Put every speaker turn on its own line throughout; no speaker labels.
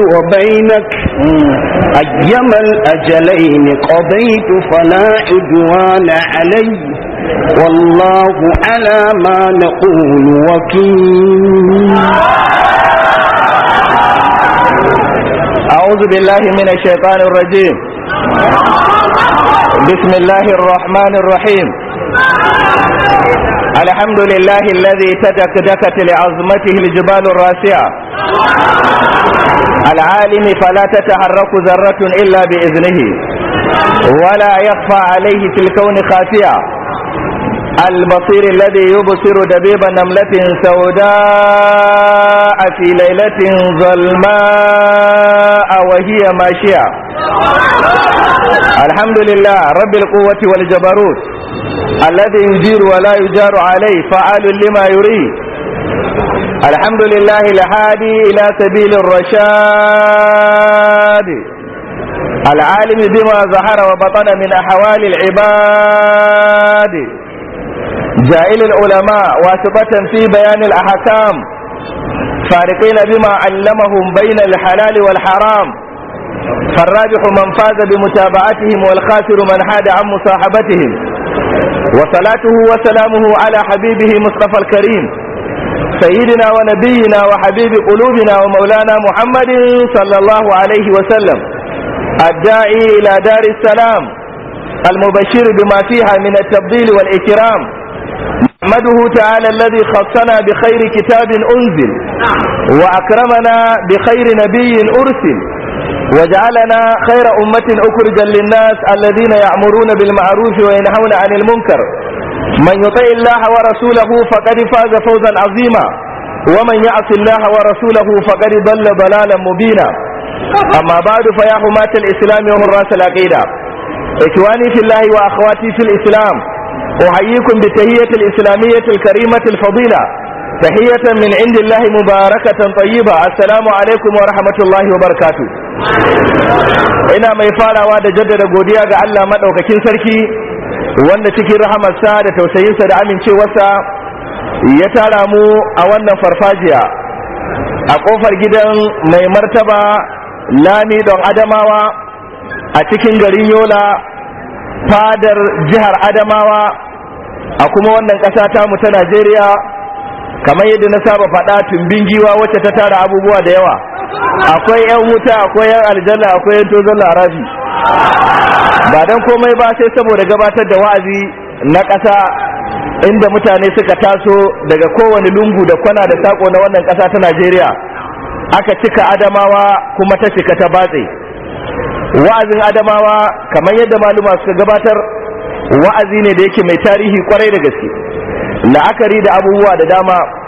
وبينك أيما الأجلين قضيت فلا عدوان علي والله على ما نقول وكيل أعوذ بالله من الشيطان الرجيم بسم الله الرحمن الرحيم الحمد لله الذي تدكدكت لعظمته الجبال الراسعة العالم فلا تتحرك ذرة إلا بإذنه ولا يخفى عليه في الكون خافية البصير الذي يبصر دبيب نملة سوداء في ليلة ظلماء وهي ماشية
الحمد لله رب
القوة والجبروت الذي يجير ولا يجار عليه فعال لما يريد الحمد لله الهادي إلى سبيل الرشاد العالم بما ظهر وبطن من أحوال العباد جائل العلماء واسطة في بيان الأحكام فارقين بما علمهم بين الحلال والحرام فالراجح من فاز بمتابعتهم والخاسر من حاد عن مصاحبتهم وصلاته وسلامه على حبيبه مصطفى الكريم سيدنا ونبينا وحبيب قلوبنا ومولانا محمد صلى الله عليه وسلم الداعي إلى دار السلام المبشر بما فيها من التفضيل والإكرام نحمده تعالى الذي خصنا بخير كتاب أنزل وأكرمنا بخير نبي أرسل وجعلنا خير أمة أخرجا للناس الذين يعمرون بالمعروف وينهون عن المنكر من يطع الله ورسوله فقد فاز فوزا عظيما ومن يعص الله ورسوله فقد ضل ضلالا مبينا أما بعد فيا حماة الإسلام وحراس العقيدة إخواني في الله وأخواتي في الإسلام أحييكم بتهية الإسلامية الكريمة الفضيلة تحية من عند الله مباركة طيبة السلام عليكم ورحمة الله وبركاته ina mai farawa da jaddada godiya ga Allah madaukakin sarki wanda cikin rahamarsa da tausayinsa da amincewarsa ya tara mu a wannan farfajiya a kofar gidan mai martaba lami don adamawa a cikin garin yola fadar jihar adamawa a kuma wannan ƙasa tamu ta najeriya kamar yadda na saba faɗa tumbin giwa wacce ta tara abubuwa da yawa akwai yan wuta akwai yan aljanna akwai yan tozon larabi ba dan komai ba sai saboda gabatar da wa'azi na ƙasa inda mutane suka taso daga kowane lungu da kwana da sako na wannan ƙasa ta Najeriya aka cika adamawa kuma ta cika ta batse wa'azin adamawa kamar yadda maluma suka gabatar wa'azi ne da yake mai tarihi kwarai da gaske la'akari da abubuwa da dama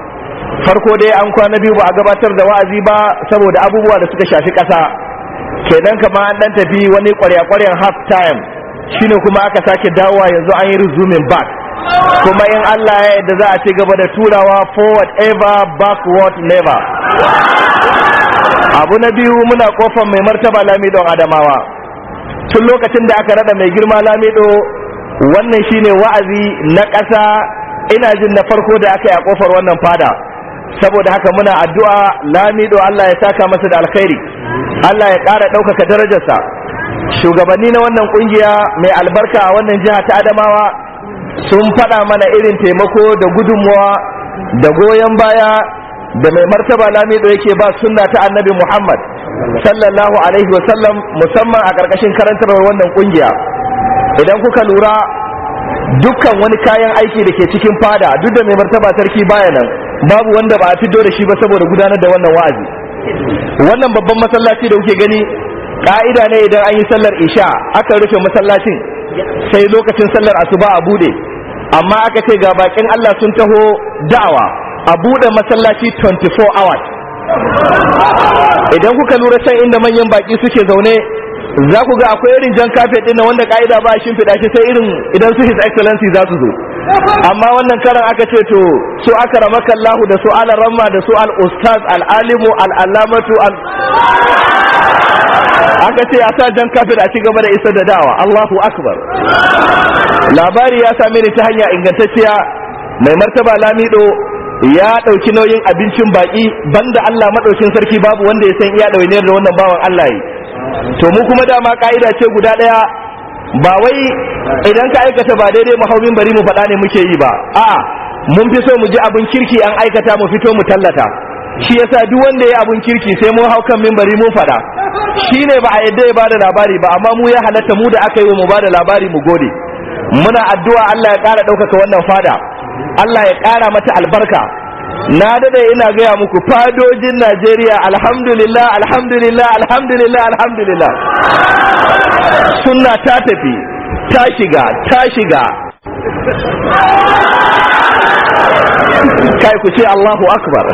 farko dai an kwana biyu ba a gabatar da wa'azi ba saboda abubuwa da suka shafi ƙasa kenan kama an dan tafi wani kwarya-kwaryan half time shine kuma aka sake dawowa yanzu an yi resuming back kuma in Allah ya yadda za a ci gaba da turawa forward ever backward never abu na biyu muna kofar mai martaba lamido adamawa tun lokacin da aka rada mai girma lamido wannan shine wa'azi na ƙasa ina jin na farko da aka yi a kofar wannan fada saboda haka muna addu'a lamido Allah ya saka masa da alkhairi Allah ya ƙara ɗaukaka darajarsa shugabanni na wannan ƙungiya mai albarka a wannan jiha ta adamawa sun faɗa mana irin taimako da gudunmuwa da goyon baya da mai martaba lamido yake ba sunna ta annabi muhammad sallallahu alaihi wasallam musamman a ƙarƙashin karantarwar wannan ƙungiya idan kuka lura dukkan wani kayan aiki da ke cikin fada duk da mai martaba sarki baya nan babu wanda ba a fito da shi ba saboda gudanar da wannan wa'azi wannan babban masallaci da kuke gani ka'ida ne idan an yi sallar isha aka rufe masallacin sai lokacin sallar asuba a bude amma aka ce ga bakin Allah sun taho da'awa a bude masallaci 24 hours idan kuka lura san inda manyan baki suke zaune za ku ga akwai irin jan kafe ɗin wanda ka'ida ba a shimfiɗa shi sai irin idan su his excellency za su zo
amma
wannan karan aka ce to su aka ramaka Allah da su ala ramma da su al ustaz al alimu al alamatu al aka ce a sa jan kafir a cigaba da isar da dawa Allahu akbar labari ya sami ni ta hanya ingantacciya mai martaba lamido ya ɗauki nauyin abincin baƙi banda Allah maɗaukin sarki babu wanda ya san iya ɗauniyar da wannan bawan Allah yi to mu kuma dama ƙa'ida ce guda ɗaya ba wai idan ka aikata ba daidai mahaurin bari mu faɗa ne muke yi ba a'a mun fi so mu ji abin kirki an aikata mu fito mu tallata shi yasa duk wanda ya yi abin kirki sai mun hau kan mimbari mun faɗa shi ne ba a yadda ya bada labari ba amma mu ya halatta mu da aka yi wa mu bada labari mu gode muna addu'a Allah ya ƙara ɗaukaka wannan fada Allah ya ƙara mata albarka na dade ina gaya muku fadojin najeriya alhamdulillah alhamdulillah alhamdulillah alhamdulillah sunna ta tafi ta shiga ta shiga kai ku ce allahu akbar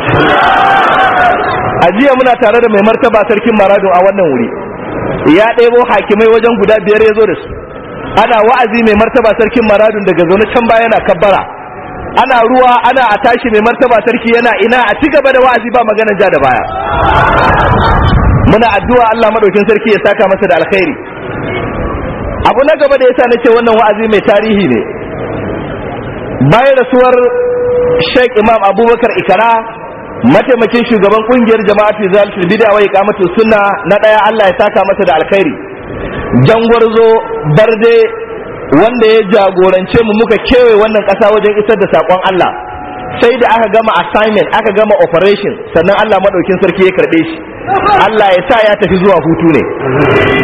a jiya muna tare da mai martaba sarkin maradun a wannan wuri ya ɗebo hakimai wajen guda biyar ya zo da su ana wa'azi mai martaba sarkin maradun daga zaune can baya na kabbara ana ruwa ana a tashi mai martaba sarki yana ina a ci gaba da wa'azi ba maganar ja da baya muna addu'a Allah madaukin sarki ya saka masa da alkhairi abu na gaba da yasa nake wannan wa'azi mai tarihi ne bayan rasuwar Sheikh Imam Abubakar Ikara mataimakin shugaban kungiyar jama'atu zalatul bid'a wa iqamatu sunna na daya Allah ya saka masa da alkhairi jangwarzo barde wanda ya jagorance mu muka kewaye wannan ƙasa wajen isar da saƙon Allah sai da aka gama assignment aka gama operation sannan Allah maɗaukin sarki ya karɓe shi Allah ya sa ya tafi zuwa hutu ne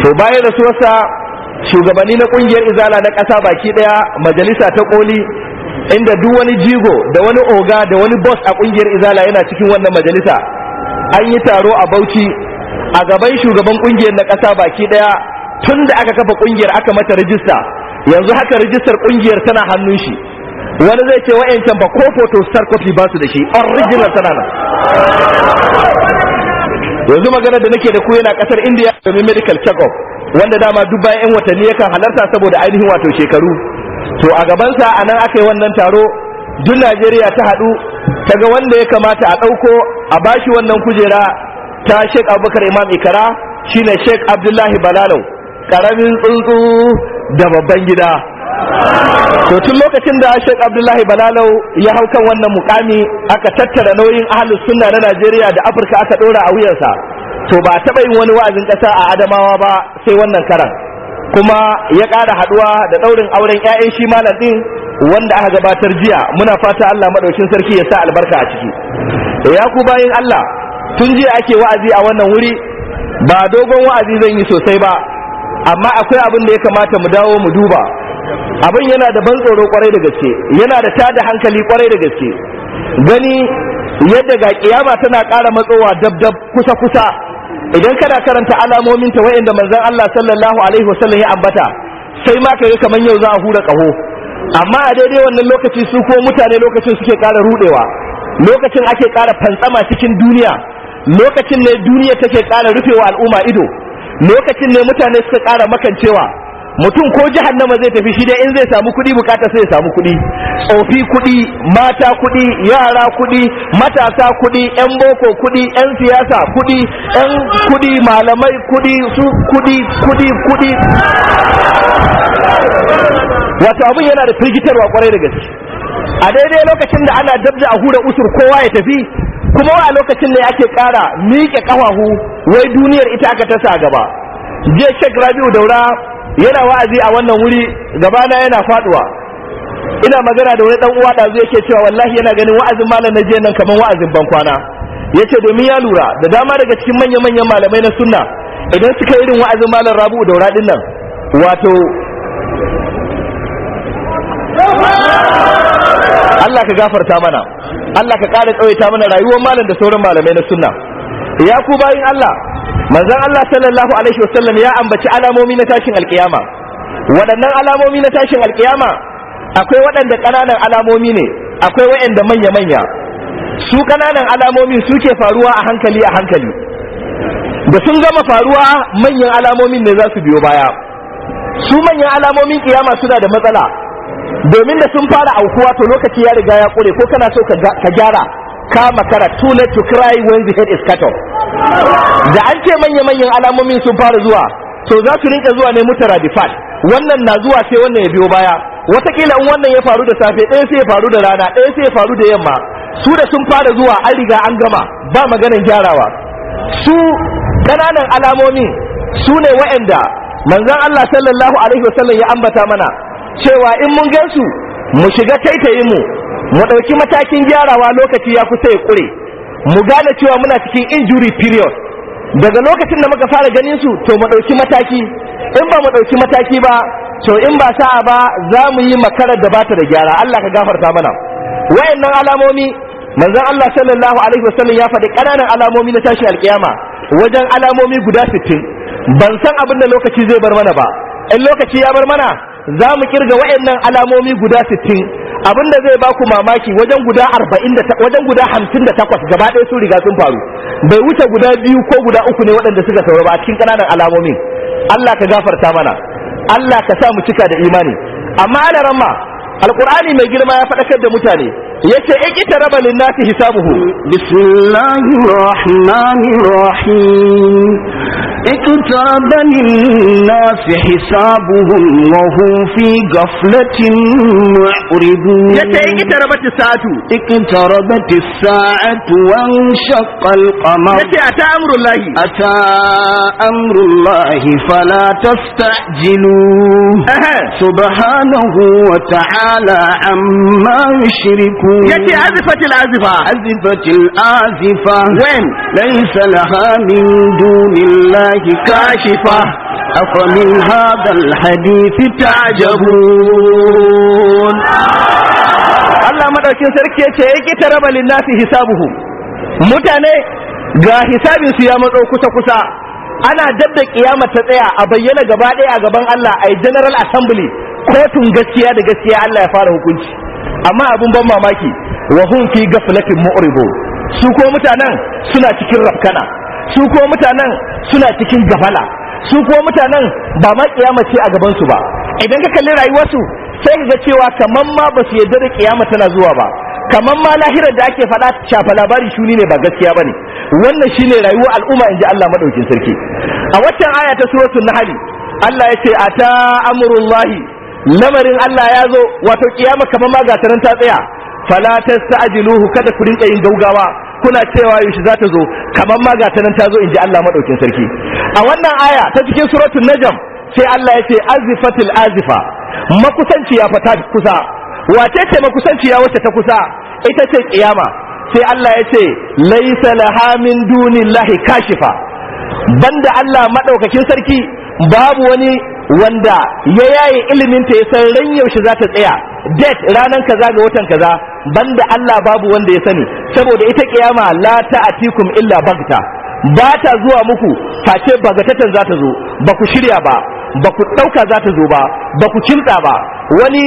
to bayan suwarsa shugabanni na ƙungiyar izala na ƙasa baki ɗaya majalisa ta ƙoli inda duk wani jigo da wani oga da wani boss a ƙungiyar izala yana cikin wannan majalisa an yi taro a bauchi a gaban shugaban ƙungiyar na ƙasa baki ɗaya tun da aka kafa ƙungiyar aka mata rijista yanzu haka rijistar kungiyar tana hannun shi wani zai ce wa'yancan ba ko foto star copy ba su da shi original tana nan yanzu magana da nake da ku yana kasar india domin medical check-up wanda dama duk bayan 'yan watanni yakan halarta saboda ainihin wato shekaru to a gabansa a nan aka yi wannan taro duk najeriya ta haɗu ta ga wanda ya kamata a ɗauko a bashi wannan kujera ta sheik abubakar imam ikara shine sheik abdullahi balalau karamin tsuntsu da babban gida to tun lokacin da Sheikh Abdullahi Balalau ya hau kan wannan mukami aka tattara nauyin ahlus sunna na Najeriya da Afirka aka dora a wuyarsa to ba taɓa yin wani wa'azin ƙasa a Adamawa ba sai wannan karan kuma ya ƙara haɗuwa da ɗaurin auren 'ya'yan shi malam ɗin wanda aka gabatar jiya muna fata Allah madaukin sarki ya sa albarka a ciki ya ku bayin Allah tun jiya ake wa'azi a wannan wuri ba dogon wa'azi zan yi sosai ba amma akwai abin da ya kamata mu dawo mu duba abin yana da ban tsoro kwarai da gaske yana da tada hankali kwarai da gaske gani yadda ga kiyama tana ƙara matsowa dabdab kusa kusa idan kana karanta alamomin ta wayanda manzon Allah sallallahu alaihi wasallam ya ambata sai ma kai kaman yau za a hura kaho amma a daidai wannan lokaci su ko mutane lokacin suke kara rudewa lokacin ake kara fantsama cikin duniya lokacin ne duniya take ƙara rufewa al'umma ido lokacin ne mutane suka ƙara makancewa mutum ko jihar nama zai tafi shi dai in zai samu kuɗi bukata sai ya samu kuɗi tsofi kuɗi mata kuɗi yara kuɗi matasa kuɗi yan boko kuɗi yan siyasa kuɗi yan kuɗi malamai kuɗi su kuɗi kuɗi kuɗi Wata abin yana da firgitarwa kwarai da gaske a daidai lokacin da ana dabda a hura usur kowa ya tafi kuma wa lokacin ne ake kara miƙe ƙafafu wai duniyar ita aka ta sa gaba je shek rabiu daura yana wa'azi a wannan wuri gabana yana faduwa ina magana da wani dan uwa da yake cewa wallahi yana ganin wa'azin malam na nan kamar wa'azin bankwana yace domin ya lura da dama daga cikin manya-manyan malamai na sunna idan suka yi irin wa'azin malam Rabi'u daura din wato
Allah ka gafarta mana Allah ka
ƙara tsawaita mana rayuwar malam da sauran malamai na sunna ya ku bayin Allah manzon Allah sallallahu alaihi wasallam ya ambaci alamomi na tashin alkiyama waɗannan alamomi na tashin alkiyama akwai waɗanda ƙananan alamomi ne akwai waɗanda manya-manya su ƙananan alamomi suke faruwa a hankali a hankali da sun gama faruwa manyan alamomin ne za su biyo baya su manyan alamomin kiyama suna da matsala domin da sun fara aukuwa to lokaci ya riga ya kure ko kana so ka gyara ka makara too late to cry when the head is cut off da an ce manya manyan alamomin sun fara zuwa to za su rinka zuwa ne mutaradifat wannan na zuwa sai wannan ya biyo baya watakila in wannan ya faru da safe ɗaya sai ya faru da rana ɗaya sai ya faru da yamma su da sun fara zuwa an riga an gama ba maganin gyarawa su kananan alamomi su ne wa'anda manzon Allah sallallahu alaihi wasallam ya ambata mana cewa in mun gansu mu shiga taitaye mu mu ɗauki matakin gyarawa lokaci ya kusa ya kure, mu gane cewa muna cikin injury period daga lokacin da muka fara ganin su to mu ɗauki mataki in ba mu ɗauki mataki ba to in ba sa'a ba za mu yi makarar da bata da gyara Allah ka gafarta mana wayannan alamomi manzon Allah sallallahu alaihi wasallam ya faɗi ƙananan alamomi na tashin alkiyama wajen alamomi guda 60 ban san abin da lokaci zai bar mana ba in lokaci ya bar mana za mu kirga waɗannan alamomi guda 60 abinda zai ba ku mamaki wajen guda 48 wajen guda 58 gaba ɗaya sun riga sun faru bai wuce guda biyu ko guda uku ne waɗanda suka sauraba ba a cikin ƙananan alamomin Allah ka gafarta mana Allah ka sa mu cika da imani amma ana ramma alqur'ani mai girma ya faɗakar da mutane yace ikita raba lin nasi hisabuhu bismillahir rahmanir rahim كتاب للناس حسابهم وهم في غفلة معرضون اقتربت الساعة اقتربت الساعة وانشق القمر أتى أمر الله أتى أمر الله فلا تستعجلوه سبحانه وتعالى عما يشركون يتي أزفت الأزفة عزفت الأزفة وين ليس لها من دون الله كاشفة أفمن هذا الحديث تعجبون الله مدركين سركي تيكي تربى للناس حسابهم mutane ga hisabinsu ya matso kusa-kusa ana dabda kiyama ta tsaya a bayyana gaba ɗaya a gaban Allah a general assembly kotun gaskiya da gaskiya Allah ya fara hukunci amma abin ban mamaki wa hum fi gaflatin mu'ribu su ko mutanen suna cikin rafkana su kuwa mutanen suna cikin gafala su kuwa mutanen ba ma kiyama ce a gabansu ba idan ka kalli rayuwarsu sai ka ga cewa kaman ma ba su yarda da kiyama tana zuwa ba kaman ma lahirar da ake faɗa shafa labari shuni ne ba gaskiya ba ne. wannan shine rayuwar al'umma inji Allah madaukin sarki a waccan aya ta na hali, Allah ya ce ata amrullahi lamarin Allah ya zo wato kiyama kamar ma ga ta tsaya fala tasta'jiluhu kada ku rinka yin gaugawa kuna cewa yaushe za ta zo kamar ma ga ta nan ta zo inji Allah madaukin sarki a wannan aya ta cikin suratul najm sai Allah ya ce azifatil azifa makusanciya fa ta kusa wace ce makusanciya wacce ta kusa ita ce kiyama sai Allah ya ce laisa laha min dunillahi kashifa banda Allah madaukakin sarki babu wani wanda ya yaye ilimin ta ya san ran yaushe za ta tsaya date ranan kaza ga watan kaza banda Allah babu wanda ya sani saboda ita kiyama la ta'atikum illa bagta ba ta zuwa muku face bagatatan za ta zo ba ku shirya ba ba ku dauka za ta zo ba ba ku kimtsa ba wani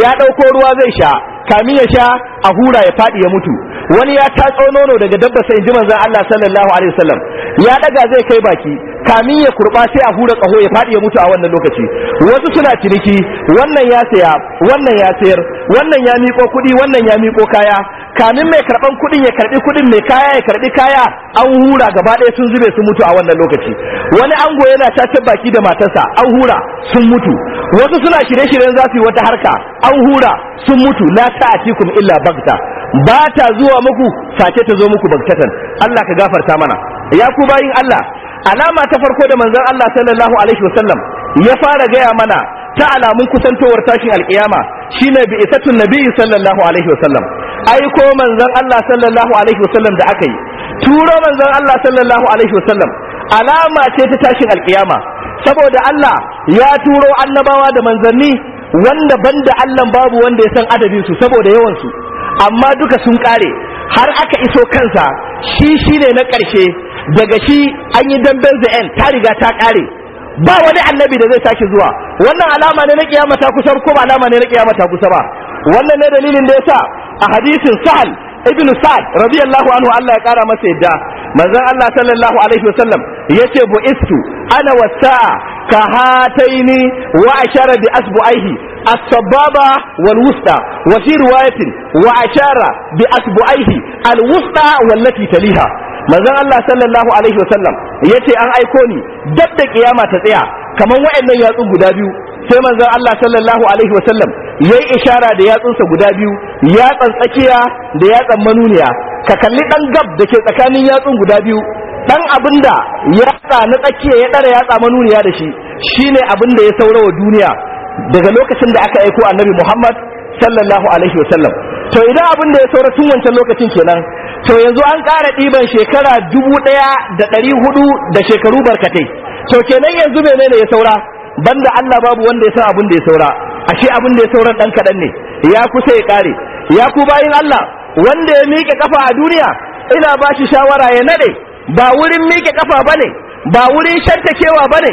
ya ɗauko ruwa zai sha kami ya sha a hura ya faɗi ya mutu wani ya tatso nono daga dabba sai ji manzon Allah sallallahu alaihi wasallam ya daga zai kai baki kamin ya kurba sai a hura kaho ya faɗi ya mutu a wannan lokaci wasu suna ciniki wannan ya saya wannan ya sayar wannan ya miƙo kuɗi wannan ya miƙo kaya kamin mai karban kudin ya karɓi kudin mai kaya ya karɓi kaya an hura gaba ɗaya sun zube sun mutu a wannan lokaci wani ango yana tace baki da matarsa an hura sun mutu wasu suna shirye-shiryen za su yi wata harka an hura sun mutu a ta'atikum illa bagta ba ta zuwa muku sake ta zo muku bagtatan Allah ka gafarta mana ya ku bayin Allah alama ta farko da manzon Allah sallallahu alaihi wasallam ya fara gaya mana ta alamun kusantowar tashin alkiyama shine bi isatun nabi sallallahu alaihi wasallam aiko manzon Allah sallallahu alaihi wasallam da aka yi turo manzon Allah sallallahu alaihi wasallam alama ce ta tashin alkiyama saboda Allah ya turo annabawa da manzanni wanda banda Allah babu wanda ya san adadin su saboda yawan su amma duka sun kare har aka iso kansa shi shine na karshe daga shi an yi damben za'en ta riga ta kare ba wani annabi da zai sake zuwa wannan alama ne na kiyama ta kusa ko ba alama ne na kiyama ta kusa ba wannan ne dalilin da yasa a hadisin sahal ibn sa'ad radiyallahu anhu Allah ya kara masa yadda manzon Allah sallallahu alaihi wasallam yace bu istu ana wasa ka hataini wa ashara bi asbu'aihi as-sababa wal wusta wa fi riwayatin wa ashara bi asbu'aihi al wusta wallati taliha manzon Allah sallallahu alaihi wasallam yace an aiko ni dabda ƙiyama kiyama ta tsaya kaman wayannan yatsu guda biyu sai manzon Allah sallallahu alaihi wa sallam yayi ishara da yatsunsa guda biyu yatsan tsakiya da yatsan manuniya ka kalli dan gab da ke tsakanin yatsun guda biyu dan abinda yatsa na tsakiya ya dara yatsa manuniya da shi shine abinda ya saurawa duniya daga lokacin da aka aiko annabi Muhammad sallallahu alaihi wa sallam. to idan abin da ya saura tun wancan lokacin kenan to yanzu an ƙara ɗiban shekara dubu ɗaya da ɗari hudu da shekaru barkatai to kenan yanzu menene ya saura banda Allah babu wanda ya san abin da ya saura ashe abin da ya saura dan kadan ne ya kusa ya kare ya ku bayin Allah wanda ya miƙe kafa a duniya ina ba shi shawara ya nade ba wurin miƙe kafa bane ba wurin shantakewa bane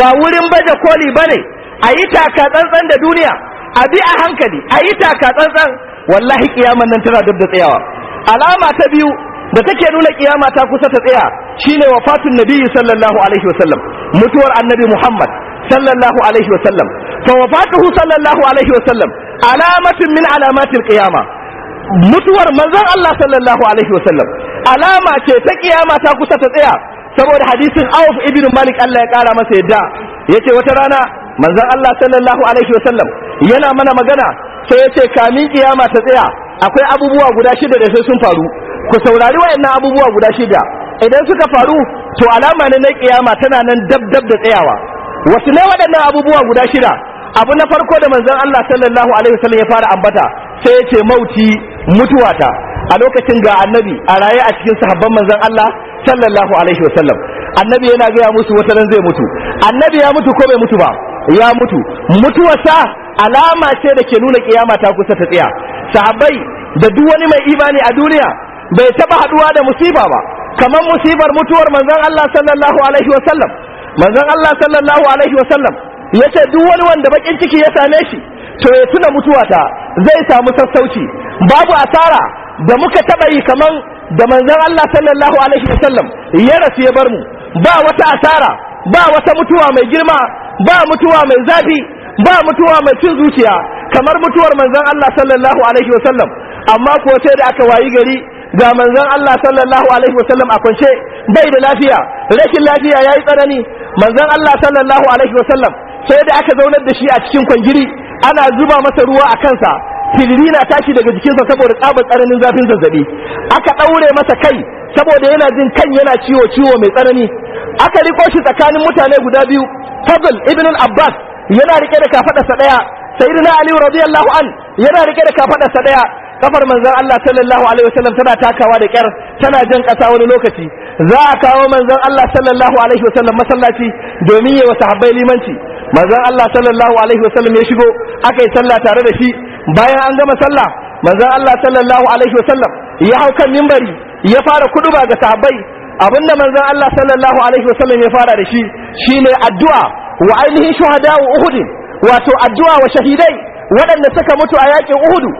ba wurin baje koli bane a yi taka tsantsan da duniya a bi a hankali a yi taka tsantsan wallahi kiyaman nan tana dab da tsayawa alama ta biyu da take nuna kiyama ta kusa ta tsaya shine wafatun Nabiyyu sallallahu alaihi wasallam mutuwar annabi muhammad sallallahu alaihi wa sallam fa wafatuhu sallallahu alaihi wa sallam alamatun min alamatil mutuwar manzon Allah sallallahu alaihi wa sallam alama ce ta kiyama ta kusa ta tsaya saboda hadisin Auf ibn Malik Allah ya kara masa yadda yace wata rana manzon Allah sallallahu alaihi wa sallam yana mana magana sai yace kamin kiyama ta tsaya akwai abubuwa guda shida da sai sun faru ku saurari wayannan abubuwa guda shida idan suka faru to alama ne na kiyama tana nan dab dab da tsayawa wasu ne waɗannan abubuwa guda shida abu na farko da manzon Allah sallallahu alaihi wasallam ya fara ambata sai ya ce mauti mutuwata a lokacin ga annabi a raye a cikin sahabban manzon Allah sallallahu alaihi wasallam annabi yana gaya musu wata ran zai mutu annabi ya mutu ko bai mutu ba ya mutu mutuwarsa alama ce da ke nuna kiyama ta kusa ta tsaya sahabbai da duk wani mai imani a duniya bai taba haduwa da musiba ba kamar musibar mutuwar manzon Allah sallallahu alaihi wasallam manzon Allah sallallahu alaihi wasallam ya ce duk wani wanda bakin ciki ya same shi to ya tuna mutuwata zai samu sassauci babu asara da muka taɓa yi kaman da manzon Allah sallallahu alaihi wasallam ya rasu ya bar mu ba wata asara ba wata mutuwa mai girma ba mutuwa mai zafi ba mutuwa mai cin zuciya kamar mutuwar manzon Allah sallallahu alaihi wasallam amma ko sai da aka wayi gari ga manzon Allah sallallahu alaihi wasallam a kwance bai da lafiya rashin lafiya yayi tsanani manzon Allah sallallahu alaihi wasallam sai da aka zaunar da shi a cikin kwangiri ana zuba masa ruwa a kansa filiri na tashi daga jikinsa saboda tsabar tsananin zafin zazzabi aka ɗaure masa kai saboda yana jin kan yana ciwo ciwo mai tsanani aka riko shi tsakanin mutane guda biyu fadl ibn abbas yana rike da kafadarsa daya sayyidina ali radiyallahu an yana rike da kafadarsa daya kafar manzon Allah sallallahu alaihi wasallam tana takawa da kyar tana jan ƙasa wani lokaci za a kawo manzon Allah sallallahu alaihi wasallam masallaci domin yayi wa sahabbai limanci manzon Allah sallallahu alaihi wasallam ya shigo aka yi sallah tare da shi bayan an gama sallah manzon Allah sallallahu alaihi wasallam ya hau kan mimbari ya fara kuduba ga sahabbai abinda manzon Allah sallallahu alaihi wasallam ya fara da shi shine addu'a wa ainihin shuhada wa uhud wato addu'a wa shahidai waɗanda suka mutu a yakin uhudu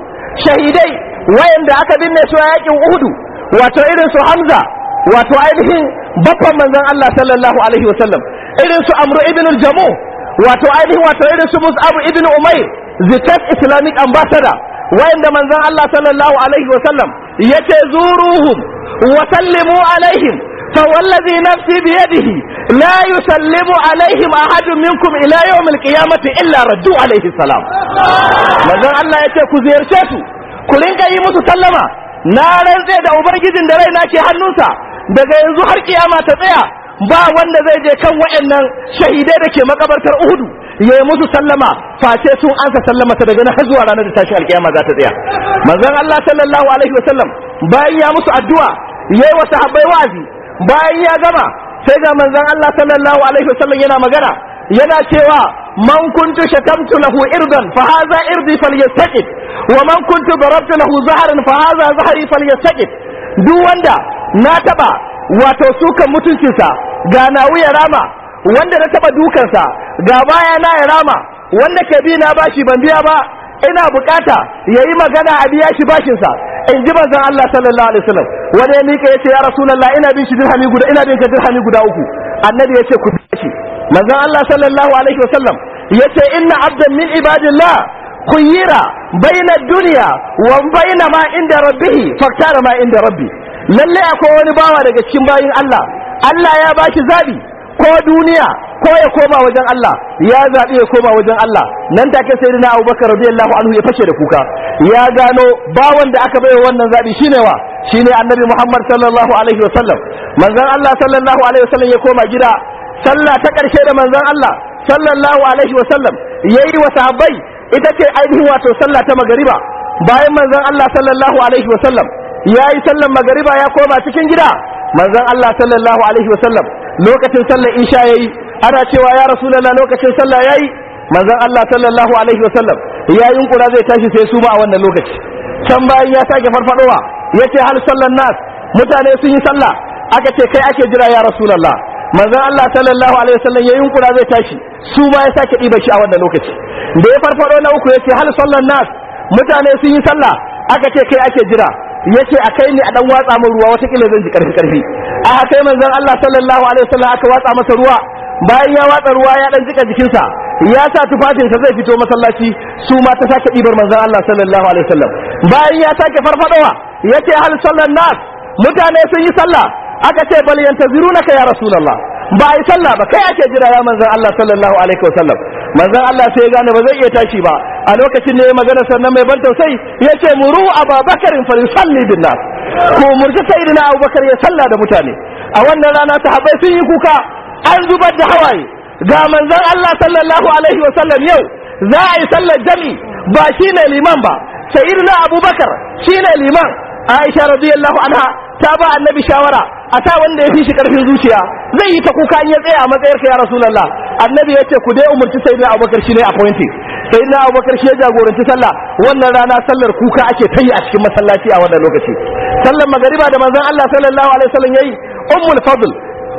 shahidai wayanda aka binne su a yakin uhudu wato irin su hamza wato ainihin baffan manzon Allah sallallahu alaihi wasallam irin su amru ibn al-jamu wato ainihin wato irin su mus'abu ibn umayr the chief islamic ambassador wayanda manzon Allah sallallahu alaihi wasallam yace zuruhum wa sallimu alaihim فوالذي نفسي بيده لا يسلم عليهم أحد منكم إلى يوم القيامة إلا ردوا عليه السلام manzon Allah ya ce ku ziyarce su ku rinka yi musu sallama na rantse da ubangijin da raina ke hannunsa daga yanzu har kiyama ta tsaya ba wanda zai je kan wayannan shahidai da ke makabartar uhudu ya yi musu sallama face sun ansa sallama ta daga na zuwa ranar da tashi alkiyama za ta tsaya manzon Allah sallallahu alaihi wasallam bayan ya musu addu'a yayi wa sahabbai wa'azi bayan ya gama sai ga manzon Allah sallallahu alaihi wasallam yana magana yana cewa man kuntu shakamtu lahu irdan fa hadha irdi falyastaqib wa man kuntu darabtu lahu zahran fa hadha zahri falyastaqib duk wanda na taba wato sukan mutuncinsa ga nawu ya rama wanda na taba dukansa ga baya na ya rama wanda ke bi na bashi ban biya ba ina bukata yayi magana a biya shi bashinsa in ji manzon Allah sallallahu alaihi wasallam wanda ya mika yace ya rasulullah ina bin shi dirhami guda ina bin ka dirhami guda uku annabi yace ku biya shi manzon Allah sallallahu alaihi wasallam yace inna abdan min ibadillah khuyira baina dunya wa baina ma inda rabbih faktara ma inda rabbi lalle akwai wani bawa daga cikin bayin Allah Allah ya baki zabi ko duniya ko ya koma wajen Allah ya zabi ya koma wajen Allah nan take sayyidina Abubakar radiyallahu anhu ya fashe da kuka ya gano bawan da aka wa wannan zabi shine wa shine annabi Muhammad sallallahu alaihi wasallam manzon Allah sallallahu alaihi wasallam ya koma gida sallah ta ƙarshe da manzon Allah sallallahu alaihi wasallam yayi wa sahabbai ita ce ainihin wato sallah ta magariba bayan manzon Allah sallallahu alaihi wasallam yayi sallar magariba ya koma cikin gida manzon Allah sallallahu alaihi wasallam lokacin sallar isha yayi ana cewa ya rasulullah lokacin sallah yayi manzon Allah sallallahu alaihi wasallam ya yunkura zai tashi sai su ba a wannan lokaci can bayan ya sake farfadowa yace hal sallan nas mutane sun yi sallah aka ce kai ake jira ya rasulullah manzon Allah sallallahu alaihi wasallam yayin kura zai tashi su ma ya sake diba shi a wannan lokaci da ya farfado na uku yace hal sallan nas mutane sun yi sallah aka ce kai ake jira yace a kai ne a dan watsa min ruwa wata kila zan ji karfi karfi a kai manzon Allah sallallahu alaihi wasallam aka watsa masa ruwa bayan ya watsa ruwa ya dan jika jikinsa ya sa tufafinsa zai fito masallaci su ma ta sake ɗibar manzon Allah sallallahu alaihi wasallam bayan ya sake farfadowa yace hal sallan nas mutane sun yi sallah aka ce bal yantazirunaka ya rasulullah ba ai sallah ba kai ake jira ya manzon Allah sallallahu alaihi wasallam manzon Allah sai ya gane ba zai iya tashi ba a lokacin ne magana sannan mai ban tausayi ce muru ababakarin fa yusalli bin nas ko murji sayyidina abubakar ya sallah da mutane a wannan rana sahabbai sun yi kuka an zubar da hawaye ga manzon Allah sallallahu alaihi wasallam yau za a yi sallar jami ba shine liman ba sayyidina abubakar shine liman aisha radiyallahu anha ta ba annabi shawara a ta wanda ya fi shi karfin zuciya zai yi ta kuka in ya tsaya a matsayar ka ya rasulullah annabi ya ce ku dai umarci sayyidina abubakar shi ne appointing sayyidina abubakar shi ya jagoranci sallah wannan rana sallar kuka ake ta yi a cikin masallaci a wannan lokaci sallar magariba da manzon Allah sallallahu alaihi wasallam yayi ummul fadl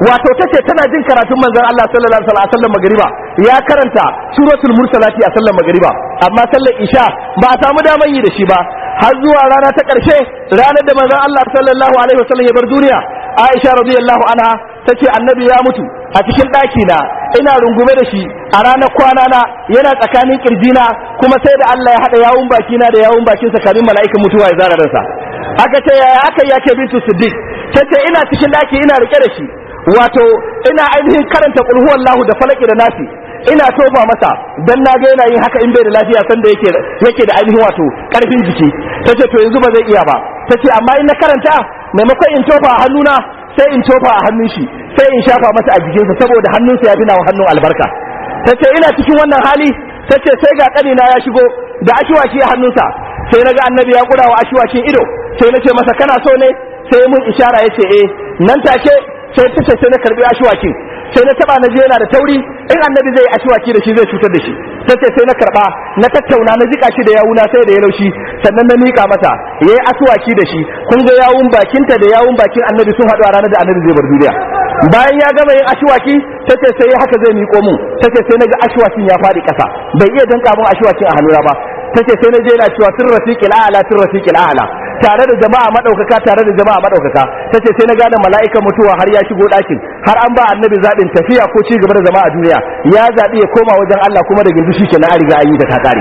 wato ta ce tana jin karatun manzon Allah sallallahu alaihi wasallam sallar magariba ya karanta suratul mursalati a sallar magariba amma sallar isha ba a samu damar yi da shi ba har zuwa rana ta ƙarshe ranar da manzon Allah sallallahu alaihi wasallam ya bar duniya aisha radiyallahu anha tace annabi ya mutu a cikin ɗaki na ina rungume da shi a ranar kwana na yana tsakanin na kuma sai da Allah ya haɗa yawun baki na da yawun sa kamin mala'ikan mutuwa ya zara ransa aka ce yaya aka yi ake bintu siddiq tace ina cikin daki ina rike da shi wato ina ainihin karanta kulhu Allahu da falaki da nasi ina toba masa dan na ga yana yin haka in bai da lafiya san da yake yake da ainihin wato karfin jiki tace to yanzu ba zai iya ba tace amma in na karanta maimakon in tofa a hannuna sai in tofa a hannun shi sai in shafa masa a jikinsa saboda hannunsa ya fi nawa hannun albarka ta ce ina cikin wannan hali ta ce sai ga ƙanina ya shigo da ashiwashi a hannunsa sai na ga annabi ya ƙura wa ashiwashin ido sai na ce masa kana so ne sai mun ishara ya ce eh nan take sai ta sai na karbi ashwaki sai na taba na je yana da tauri in annabi zai ashwaki da shi zai cutar da shi ta ce sai na karba na tattauna na jika shi da yawuna sai da ya laushi sannan na mika masa yayi ashwaki da shi kun ga yawun bakinta da yawun bakin annabi sun haɗu a ranar da annabi zai bar duniya bayan ya gama yin ashwaki ta ce sai haka zai miƙo mun ta ce sai naga ga ashwakin ya faɗi ƙasa bai iya danka mun ashwakin a hannuna ba ta ce sai na je na cewa sirrafiqil a'la sirrafiqil a'la tare da jama'a madaukaka tare da jama'a madaukaka tace sai na gane mala'ikan mutuwa har ya shigo ɗakin har an ba annabi zaɓin tafiya ko ci gaba da zama a duniya ya zaɓi ya koma wajen Allah kuma da gindu shike na ariga ayi da yi ta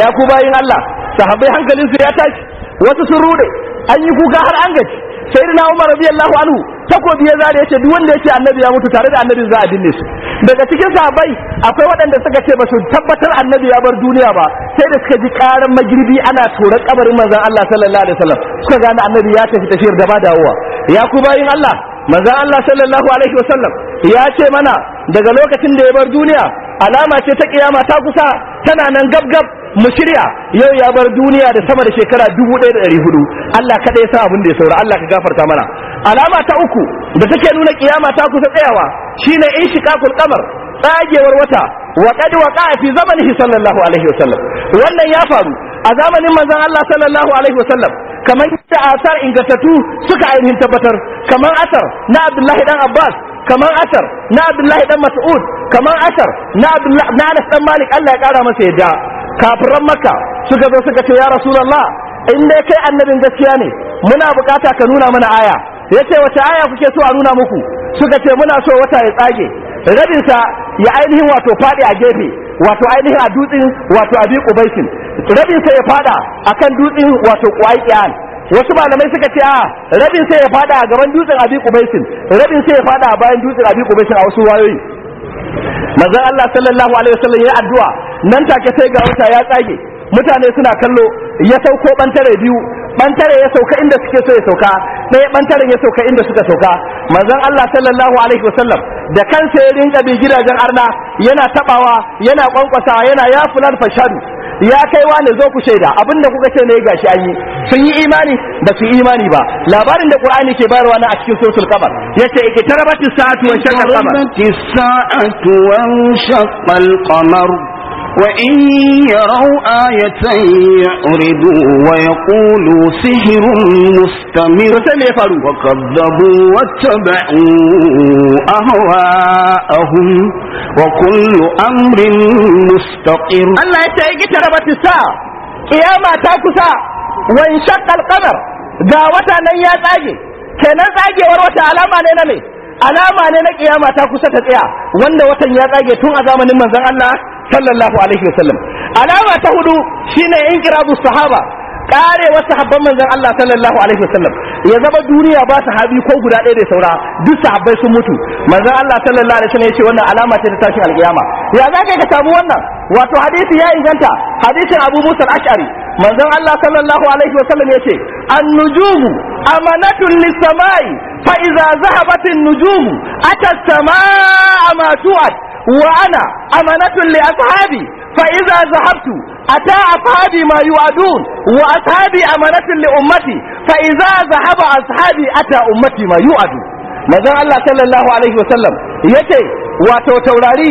ya ku bayin Allah sahabbai hankalinsu ya tashi wasu sun rude an yi kuka har an gaji sayyidina Umar radiyallahu anhu takobi ya zare yace duk wanda annabi ya mutu tare da annabin za a binne su daga cikin sahabbai akwai waɗanda suka ce ba su tabbatar annabi ya bar duniya ba sai da suka ji karan magirbi ana tura kabarin manzon Allah sallallahu alaihi wasallam suka gane annabi ya tafi tafiyar da ba dawowa ya ku bayin Allah manzon Allah sallallahu alaihi wasallam ya ce mana daga lokacin da ya bar duniya alama ce ta kiyama ta kusa tana nan gabgab mu shirya yau ya bar duniya da sama da shekara dubu ɗaya da hudu. Allah kaɗa ya sa abin da ya saura Allah ka gafarta mana alama ta uku da take nuna kiyama ta kusa tsayawa shine inshiqaqul kamar tsagewar wata wa qad waqa'a fi zamanihi sallallahu alaihi wasallam wannan ya faru a zamanin manzon Allah sallallahu alaihi wasallam kamar yadda asar ingantattu suka ainihin tabbatar kamar asar na abdullahi dan abbas kamar asar na abdullahi dan mas'ud kamar asar na na anas dan malik Allah ya kara masa yadda kafiran makka suka zo suka ce ya rasulullah in dai kai annabin gaskiya ne muna bukata ka nuna mana aya yace wace aya kuke so a nuna muku suka ce muna so wata ya tsage rabinsa ya ainihin wato fadi a gefe wato ainihin a dutsin wato abi kubaisin rabin sai ya fada akan dutsen wato kwaikiyan wasu malamai suka ce a ah, rabin sai ya fada a gaban dutsen abi kubaisin rabin sai ya fada a bayan dutsen abi kubaisin a wasu wayoyi manzon Allah sallallahu alaihi wasallam ya addu'a nan take sai ga wata ya tsage mutane suna kallo ya sauko bantare biyu bantare ya sauka inda suke so ya sauka ɗaya bantaren ya sauka inda suka sauka manzon Allah sallallahu alaihi wasallam da kansa ya rinka bi gidajen arna yana tabawa yana ƙwanƙwasawa, yana ya fashadu ya kai wani zo ku shaida abinda kuka ce ne gashi shi yi sun yi imani da su yi imani ba labarin da qur'ani ke bayarwa na a cikin suratul qamar yace ikitarabatis sa'atu wa shaqqal qamar وإن يروا آية يعرضوا ويقولوا سحر مستمر وكذبوا واتبعوا أهواءهم وكل أمر مستقر الله يتأيجي تربة الساعة قيامة تاكسا وانشق القمر داوتا نيا تاجي كنا تاجي وروتا علامة نينمي alama ne na kiyama ta kusa ta tsaya wanda watan ya tsage tun a zamanin manzon Allah sallallahu alaihi wasallam alama ta hudu shine inqiradu sahaba kare wasu sahabban manzon Allah sallallahu alaihi wasallam ya zama duniya ba sahabi ko guda ɗaya da saura duk sahabbai sun mutu manzon Allah sallallahu alaihi wasallam yace wannan alama ce ta tashin alkiyama ya za ka samu wannan wato hadisi ya inganta hadisin Abu Musa al-Ash'ari manzon Allah sallallahu alaihi wasallam yace an-nujumu amanatun lis-sama'i fa idza zahabat an-nujumu ata as-sama'a ma tu'ad وأنا أمنة لأصحابي فإذا ذهبت أتى أصحابي ما يوعدون وأصحابي أمنة لأمتي فإذا ذهب أصحابي أتى أمتي ما يوعدون manzon Allah sallallahu alaihi wasallam yace wato taurari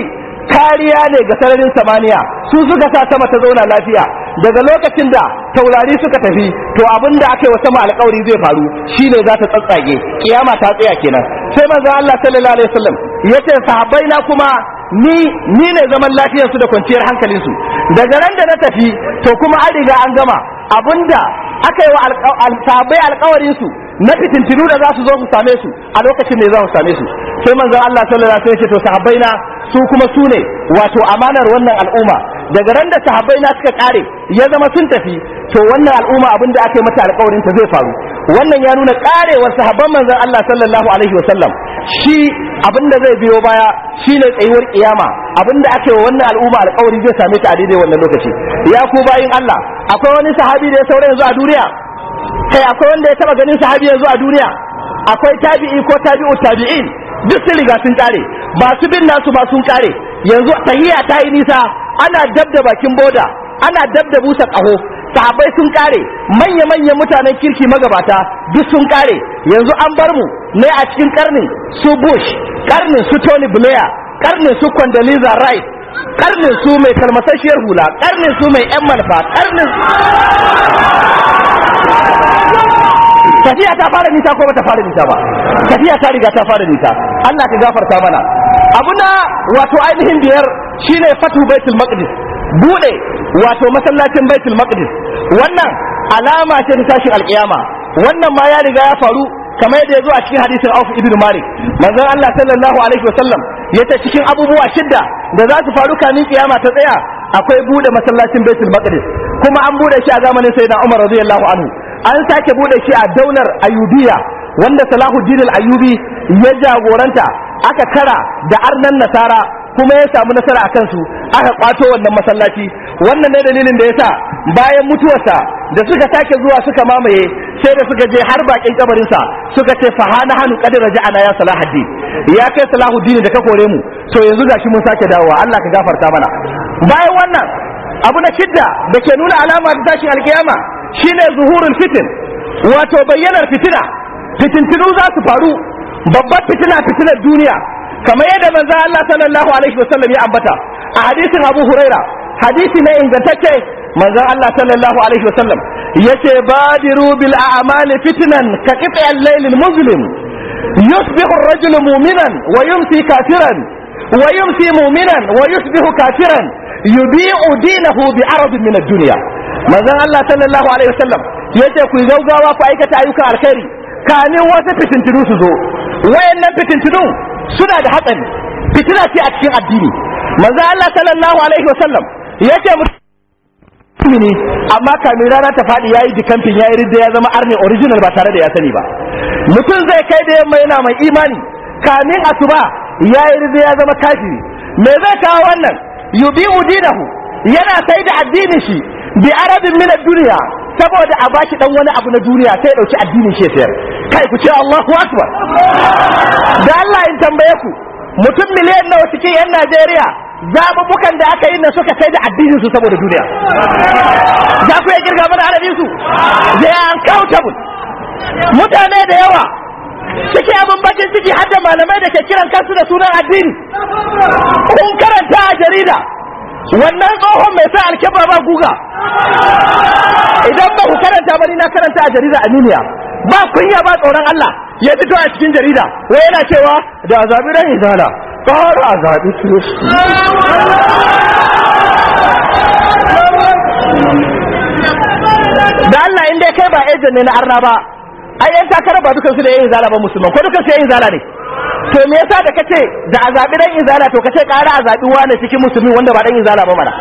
kariya ne ga sararin samaniya su suka sa sama ta zauna lafiya daga lokacin da taurari suka tafi to abin da aka yi wa sama alkawari zai faru shine za ta tsatsage kiyama ta tsaya kenan sai manzon Allah sallallahu alaihi wasallam yace sahabbai na kuma ni ni ne zaman lafiyar su da kwanciyar hankalin su daga ran da na tafi to kuma an riga an gama abinda aka yi wa sabai alkawarin su na fitintinu da za su zo su same su a lokacin ne za su same su sai manzon Allah sallallahu alaihi wasallam ya ce to sahabbai na su kuma su ne wato amanar wannan al'umma daga ran da sahabbai na suka kare ya zama sun tafi to wannan al'umma abinda aka yi mata alkawarin ta zai faru wannan ya nuna karewar sahabban manzon Allah sallallahu alaihi wasallam shi abinda zai biyo baya shi ne tsayuwar kiyama abinda ake wa wannan al'umma alƙawari zai same ta a daidai wannan lokaci ya ku bayin Allah akwai wani sahabi da ya saura yanzu a duniya kai akwai wanda ya taba ganin sahabi yanzu a duniya akwai tabi'i ko tabi'u tabi'in duk sun riga sun kare su bin nasu ba sun kare yanzu tahiya ta yi nisa ana dab da bakin boda ana dab da busa kaho sahabbai sun kare manya-manyan mutanen kirki magabata duk sun kare yanzu an bar mu ne a cikin karnin su bush karnin su tony blair karnin su condoleezza rice karnin su mai Talmasashiyar hula karnin su mai yan manufa karnin tafiya ta fara nisa ko bata fara nisa ba tafiya ta riga ta fara nisa Allah ka gafarta mana abuna wato ainihin biyar shine fatu baitul maqdis bude wato masallacin baitul maqdis wannan alama ce ta tashin alkiyama wannan ma ya riga ya faru kamar yadda ya zo a cikin hadisin auf ibn malik manzon allah sallallahu alaihi wasallam ya ce cikin abubuwa shidda da za su faru kamin kiyama ta tsaya akwai bude masallacin baitul maqdis kuma an bude shi a zamanin sayyidina umar radiyallahu anhu an sake bude shi a daular ayubiya wanda salahuddin al-ayubi ya jagoranta aka kara da arnan nasara kuma ya samu nasara a kansu aka kwato wannan masallaci wannan ne dalilin da ya sa bayan mutuwarsa da suka sake zuwa suka mamaye sai da suka je har bakin kabarinsa suka ce fa hana hanu kadira ja'ana ya salahuddin ya kai salahuddin da ka kore mu to yanzu gashi mun sake dawowa Allah ka gafarta mana bayan wannan abu na shidda da ke nuna alama da tashin alkiyama shine zuhurul fitin wato bayyanar fitina fitintinu za su faru babbar fitina fitinar duniya kamar yadda manzo Allah sallallahu alaihi wasallam ya ambata a hadisin Abu Huraira hadisi ne ingantacce manzo Allah sallallahu alaihi wasallam yace badiru bil a'mali fitnan ka qit'i al-layl al-muzlim yusbihu ar-rajulu mu'minan wa yumsi kafiran wa yumsi mu'minan wa yusbihu kafiran yubi'u dinahu bi arad min ad-dunya manzo Allah sallallahu alaihi wasallam yace ku gaugawa ku aikata ayyukan alkhairi kamin wasu fitintinu su zo wayannan fitintinu suna da hatsari fitina ce a cikin addini manzo Allah sallallahu alaihi wasallam yace
mutumi
amma kamin rana ta faɗi yayi yi dikamfin ya ridda ya zama arne original ba tare da ya sani ba mutum zai kai da yamma yana mai imani kamin asuba ya ridda ya zama kafiri me zai kawo wannan yubi udinahu yana sai da addinin shi bi arabin min duniya saboda a baki dan wani abu na duniya sai dauki addinin shi sayar kai ku ce Allahu akbar da Allah in tambaye ku mutum miliyan nawa cikin yan Najeriya zabubukan da aka yi na suka sai da addinin su saboda duniya za ku iya girga mana adadin su they are uncountable mutane da yawa suke abin bakin ciki har da malamai da ke kiran kansu da sunan addini kun karanta a jarida wannan tsohon mai sa alkebra ba guga idan ba ku karanta ba na karanta a jarida aminiya ba kunya ba tsoron Allah ya fito a cikin jarida wai yana cewa da azabi ran izala ƙara a zabi da Allah inda kai ba ejen ne na arna ba ai yan takara ba dukan su da yayin zala ba musulman ko dukan su yayin zala ne to me yasa da kace da a dan yin izala to kace ƙara a wani cikin musulmi wanda ba dan izala ba mana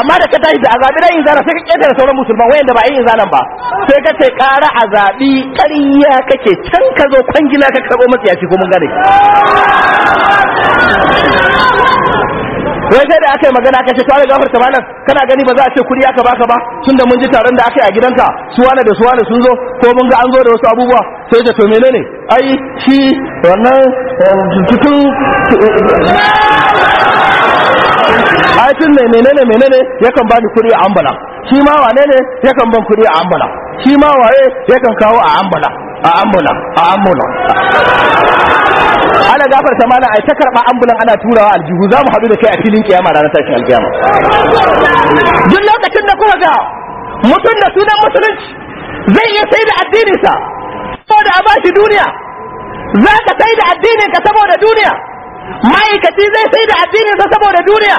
amma da ka tashi da a dan yin izala sai ka kete da sauran musulman wayanda ba yin zalan ba sai kace ƙara a kariya ƙarya kake can ka zo kwangila ka karbo matsiyaci ko mun gane wai sai da aka yi magana ka ce to gafar ta malam kana gani ba za a ce kuɗi aka baka ba tun da mun ji taron da aka yi a gidanka su wane da su wane sun zo ko mun ga an zo da wasu abubuwa sai da to menene ai shi wannan tutun um,
eh,
ai tun ne menene menene yakan ni kuɗi a ambala shi ma wane ne yakan ban kuɗi a ambala shi ma waye yakan kawo a ambala a ambala a ambala ana gafar ta mana ai ta ambulan ana turawa aljihu za mu haɗu da kai a filin kiyama ranar tashin alkiyama duk lokacin da kuka ga mutum da sunan musulunci zai iya sai da addininsa saboda a bashi duniya za ka sai da addininka saboda duniya ma'aikaci zai sai da addininsa saboda duniya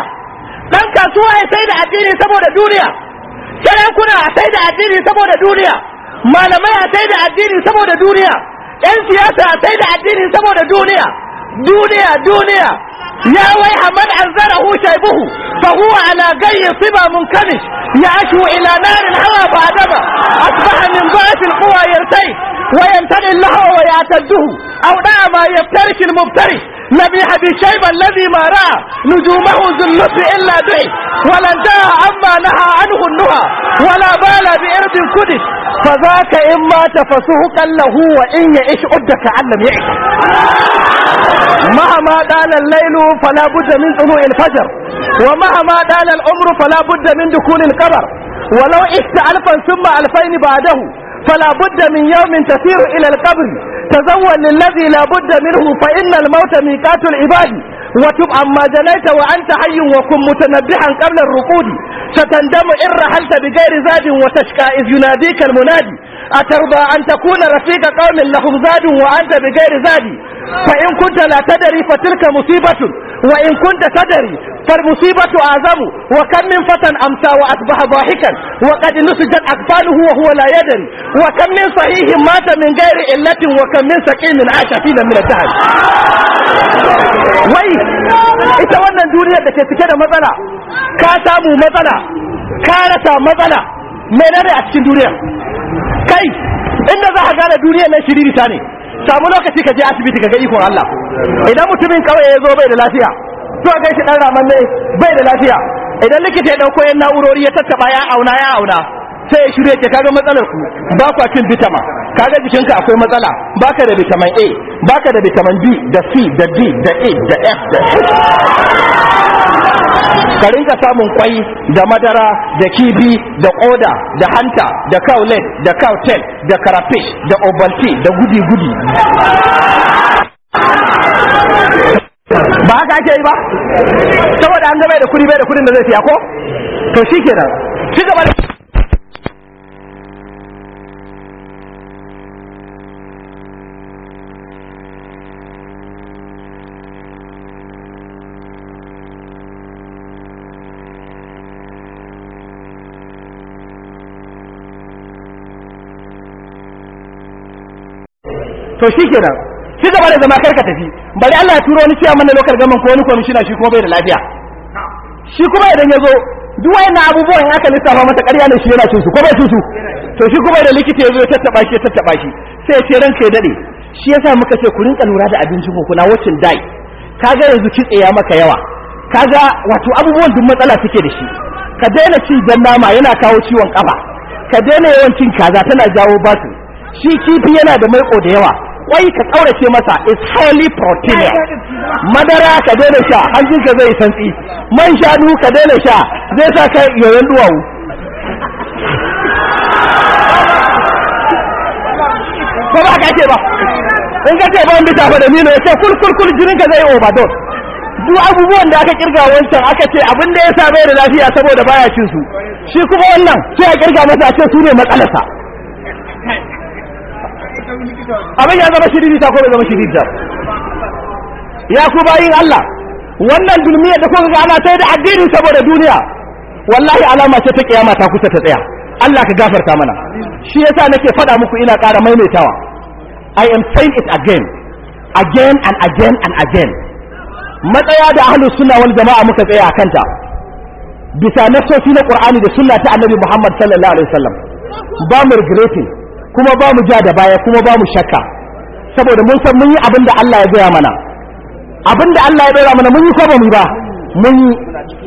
dan kasuwa ya sai da addini saboda duniya sarakuna a sai da addini saboda duniya malamai a sai da addini saboda duniya 'yan siyasa sai da addini saboda duniya duniya duniya ya waiha man anzarahu shaybuhu fa huwa ala gayyi siba munkanish ya'ashu ila nar al-hawa fa'adaba asbaha min ba'th al-quwa yartai wa yantani al-lahwa wa ya'tadduhu aw da'a ma yaftariki al-mubtari نبي أبي شيبا الذي ما رأى نجومه ذو النصر إلا به ولا انتهى عما نهى عنه النهى ولا بال بإرض القدس فذاك إن مات له وإن يعيش عد علم يعيش مهما دال الليل فلا بد من طلوع الفجر ومهما دال العمر فلا بد من دخول القبر ولو عشت ألفا ثم ألفين بعده فلا بد من يوم تسير إلى القبر تزول للذي لا بد منه فإن الموت ميقات العباد وتب أما جنيت وأنت حي وكن متنبحا قبل الركود ستندم إن رحلت بغير زاد وتشكى إذ يناديك المنادي أترضى أن تكون رفيق قوم لهم زاد وأنت بغير زاد فإن كنت لا تدري فتلك مصيبة وإن كنت تدري فالمصيبة أعظم وكم من فتى أمسى وأصبح ضاحكا وقد نسجت أقفاله وهو لا يدري وكم من صحيح مات من غير علة وكم من سقيم عاش فينا من الدهر wai ita wannan duniyar da ke cike da matsala ka samu matsala ka rasa matsala menene a cikin duniyar kai inda za a gane duniyar nan shiririta ne samu lokaci ka je asibiti ka ga ikon Allah idan mutumin kawai ya zo bai da lafiya to a shi dan raman ne bai da lafiya idan likita ya dauko yan na'urori ya tattaba ya auna ya auna sai ya shirye ce kaga matsalar ku ba kwa cin bitama kaga jikinka akwai matsala baka da vitamin A baka da vitamin B da C da D da E da F da H ka rinka samun kwai da madara da kibi da oda da hanta da cowlet da cowtail da karafish da obalti da gudi-gudi ba haka ake yi ba saboda an gaba da kudi bai da kudin da zai siya ko to shi kenan gaba da to nan ci gaba da zama kar ka tafi bari Allah ya turo wani ciyar mana lokal gaman ko wani kwamishina shi kuma bai da lafiya shi kuma idan ya zo duk na abubuwan aka lissafa mata ƙarya ne shi yana cin su ko bai tutu to shi kuma da likita ya zo ya tattaba shi ya tattaba shi sai ya ce ran ya dade shi yasa muka ce ku rinka lura da abincin ku kula watching dai kaga yanzu kitse ya maka yawa kaga wato abubuwan duk matsala suke da shi ka daina cin dan nama yana kawo ciwon kafa ka daina yawan cin kaza tana jawo basu shi kifi yana da maiƙo da yawa kwai ka kaurace masa is highly protein madara ka daina sha ka zai santsi man shanu ka daina sha zai sa ka yoyon duwawu ko ba ka ce ba in ka ce ba wani da nino ya ce kul kul jirin ka zai overdose duk abubuwan da aka kirga wancan aka ce abin da ya sa bai da lafiya saboda baya cin su shi kuma wannan sai a kirga masa a ce su ne matsalarsa abin ya zama shiririta ko bai zama shiririta ya ku bayin Allah wannan dulmiyar da kuka ga ana sai da addini saboda duniya wallahi alama ce ta kiyama ta kusa ta tsaya Allah ka gafarta mana shi yasa nake faɗa muku ina ƙara maimaitawa I am saying it again again and again and again matsaya da ahlus sunna wal jama'a muka tsaya a kanta bisa nasosi na qur'ani da sunna ta annabi muhammad sallallahu alaihi wasallam ba mu regretting kuma ba mu ja da baya kuma ba mu shakka saboda mun san mun yi abin da Allah ya gaya mana abin da Allah ya gaya mana mun yi ko ba mu ba mun yi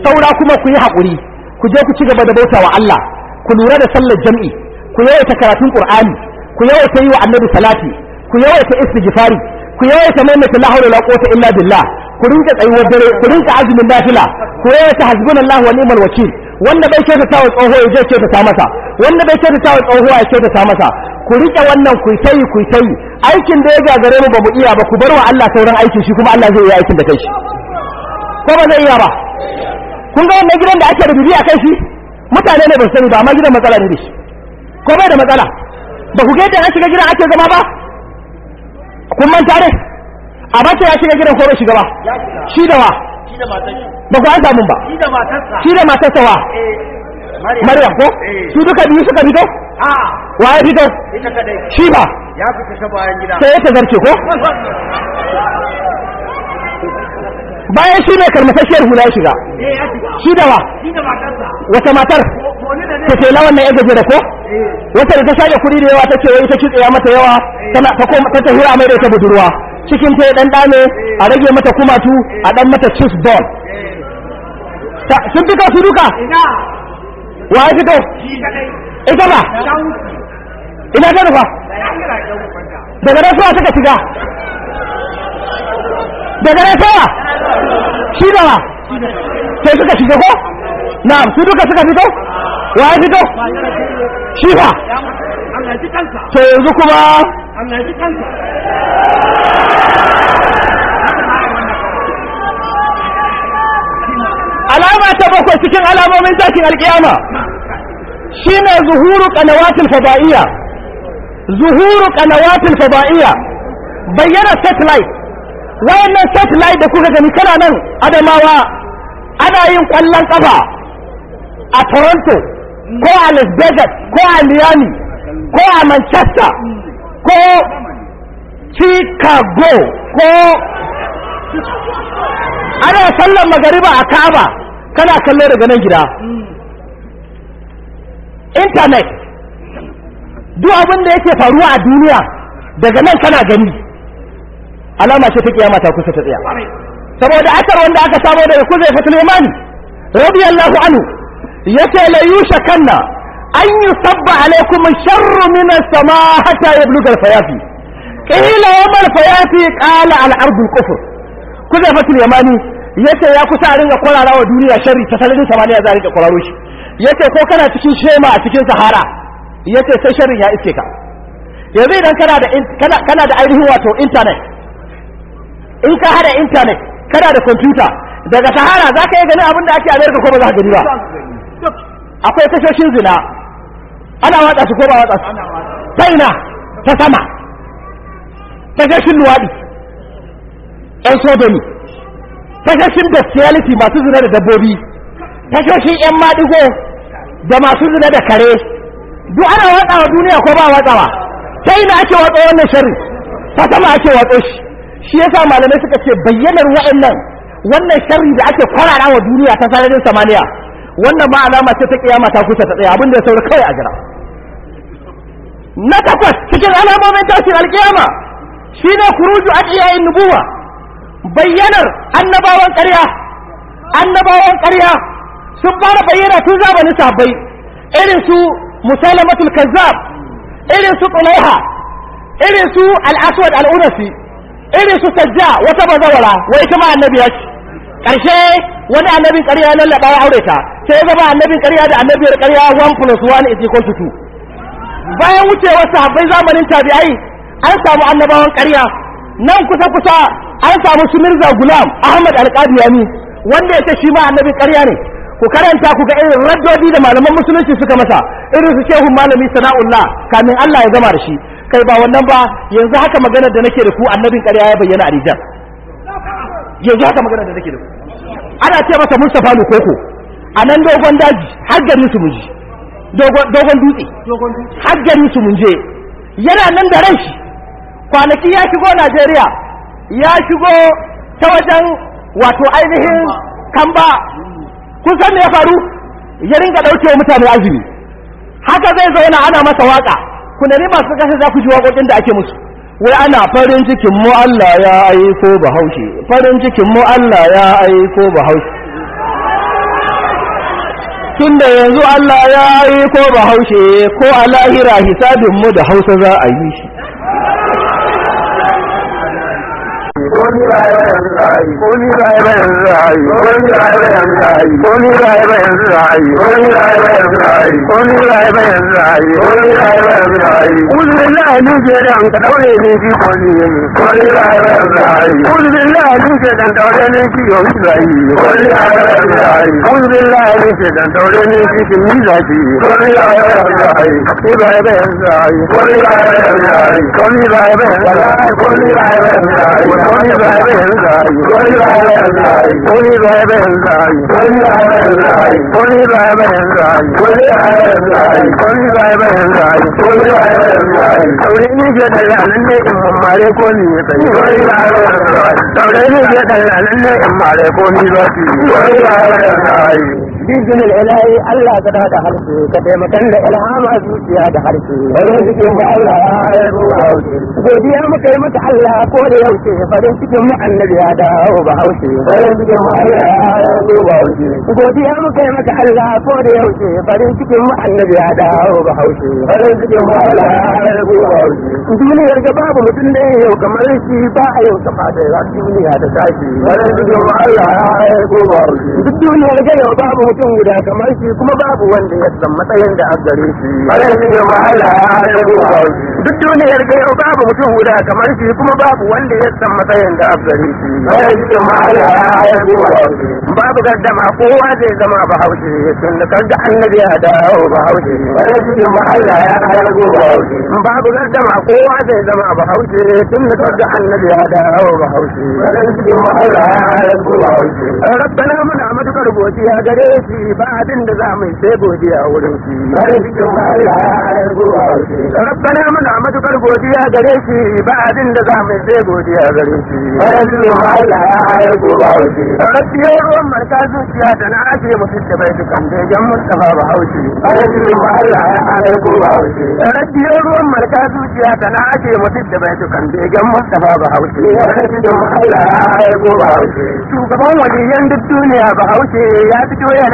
saura kuma ku yi haƙuri ku je ku ci gaba da bauta wa Allah ku lura da sallar jam'i ku yawaita karatun Qur'ani ku yawaita yi wa Annabi salati ku yawaita istighfari ku yawaita maimaita la hawla wala quwwata illa billah ku rinka tsayuwar dare ku rinka azumin nafila ku yawaita hasbunallahu wa ni'mal wakil wanda bai ta ta tsoho ya je ta masa wanda bai kyautata wa tsoho ya kyautata masa ku rike wannan ku tayi ku tayi aikin da ya gagare mu bamu iya ba ku bar wa Allah sauran aikin shi kuma Allah zai yi aikin da kai shi ko ba zai iya ba kun ga wannan gidan da ake da a kai shi mutane ne ba sani ba amma gidan matsala ne shi ko bai da matsala ba ku ga yadda an shiga gidan ake zama ba kun manta ne a bace ya shiga gidan ko bai shiga ba
shi da wa ba ku an ba shi da matarsa wa eh, mariya ko eh. su duka biyu suka fito ah. wa ya fito shi ba sai ya zarce ko bayan shi ne karmasasshiyar hula eh, ya shiga shi da wa wata matar ta ce lawan nan ya gaje da ko
eh. wata da ta shaƙe kuɗi da yawa ta ce wai ta kitse mata yawa eh. ta ta hira mai da ita budurwa cikin ta dan dame a rage mata kumatu a dan mata cheese ball sun fi su duka wa ya fito ita ba ina ta rufa daga rasuwa suka shiga daga rasuwa shi da wa sai suka shiga ko na'am su duka suka fito wa ya fito
shi ba to yanzu kuma
alama ta bakwai cikin alamomin zakin alkiyama shine zuhuru qanawatil fada'iyya zuhuru qanawatil fada'iyya bayyana satellite wayannan satellite da kuka gani kana nan adamawa ana yin kwallon kafa a toronto ko a las vegas ko a miami ko a manchester ko chicago ko ana sallar magariba a kaba kana kallo daga nan gida internet duk abin da yake faruwa a duniya daga nan kana gani alama ce ta kiyama ta kusa ta tsaya saboda asar wanda aka samu daga kuzai fatul yamani radiyallahu anhu yace la yushakanna an yusabba alaikum sharru min as samaa hatta yabluga al-fayafi qila yawm al-fayafi qala al-ardu al-kufr kuzai fatul yamani yace ya kusa a ringa kwararawa duniya sharri ta sararin samaniya za a ringa kwararo shi yace ko kana cikin shema a cikin sahara yace sai sharrin ya iske ka yanzu idan kana da kana da ainihin wato internet in ka hada intanet kana da kwamfuta daga sahara za ka yi ganin abin da ake amerika ko ba za ka gani ba akwai tashoshin zina ana watsa su ko ba watsa su ta ta sama tashoshin luwaɗi ɗan sodomi tashoshin bestiality masu zina da dabbobi tashoshin yan maɗigo da masu zina da kare duk ana watsawa duniya ko ba watsawa ta na ake watsa wannan sharri ta sama ake watsa shi shi yasa malamai suka ce bayyanar wa'annan wannan sharri da ake kwarara wa duniya ta sararin samaniya wannan ma alama ce ta kiyama ta kusa ta tsaya abin da ya saura kawai a jira na takwas cikin alamomin tashin alkiyama shi ne kuruju a iyayen nubuwa bayyanar annabawan ƙarya annabawan ƙarya sun fara bayyana tun zamanin sabai irin su musalamatul kazzab irin su tsulaiha irin su al-aswad al-unasi irin su sajja wata bazawara wai kuma annabi ya ce ƙarshe wani annabin ƙarya ya lallaɓa ya aure ta sai ya zama annabin ƙarya da annabiyar ƙarya one plus one is equal to two bayan wucewar sahabbai zamanin tabi'ai an samu annabawan ƙarya nan kusa kusa an samu su mirza gulam ahmad alƙadiyani wanda ya ce shi ma annabin ƙarya ne ku karanta ku ga irin raddodi da malaman musulunci suka masa irin su shehun malami sana'ullah kamin allah ya zama da shi kai ba wannan ba yanzu haka magana da nake da ku annabin ƙarya ya bayyana a Nijar yanzu haka magana da nake da ku ana ce masa Mustapha Lukoko a nan dogon daji har garin su munje dogon dutse har garin su mun je yana nan da ran shi kwanaki ya shigo Najeriya ya shigo ta wajen wato ainihin kamba kun san me ya faru ya ɗauke wa mutane azumi haka zai zauna ana masa waka ku nemi masu kasar za ku ji waƙoƙin da ake musu wai ana farin cikin mu Allah ya aiko bahaushe farin cikin mu Allah ya aiko bahaushe tun da yanzu Allah ya aiko bahaushe ko a lahira hisabin mu da hausa za a yi shi
Kulilayi ni ke dan ka daure ne ki kwani ne. Kulilayi ni ke dan daure ne ki yau ki zai. Kulilayi ni ke dan daure ne ki ki mi zai. Kulilayi ni ke dan daure ne ki ki mi Bolivar Vendai, Bolivar Vendai, Bolivar Vendai, Bolivar Vendai, Bolivar Vendai, Bolivar Vendai, Bolivar Vendai, Bolivar Vendai, Taurini ke dalalan ne in mare ko ni ya tsaye. Bolivar Vendai, Taurini ke dalalan ne in mare ko ni za su yi. Bolivar Vendai. bizin ilahi Allah ka da harshe ka taimakon da ilhama zuciya da harshe rizikin da Allah ya haihu a haushe godiya muka yi maka Allah ko da yaushe farin cikin mu annabi ya dawo ba haushe farin cikin mu Allah ya haihu ba haushe godiya muka yi maka Allah ko da yaushe farin cikin mu annabi ya dawo ba haushe farin cikin mu Allah ya haihu ba haushe duniyar ga babu mutum da yau kamar shi ba a yau kama da duniya da tashi farin cikin mu Allah ya haihu ba haushe duk duniyar ga yau babu mutum guda kamar shi kuma babu wanda ya san matsayin da a gare shi duk duniyar gayo babu mutum guda kamar shi kuma babu wanda ya san matsayin da a gare shi babu gaddama kowa zai zama bahaushe sun da kaga annabi ya dawo babu gaddama kowa zai zama da kaga annabi ya dawo gare shi ba abin da za mu sai godiya wurin shi rabbana muna matukar godiya gare shi ba abin da za mu sai godiya gare shi rabbi ya ruwan marka zuciya da na ake mutu da bai dukan dajen mustafa ba haushi rabbi ya ruwan marka zuciya da na ake mutu da bai dukan dajen mustafa ba haushi shugaban waliyan duk duniya ba haushi ya fito yana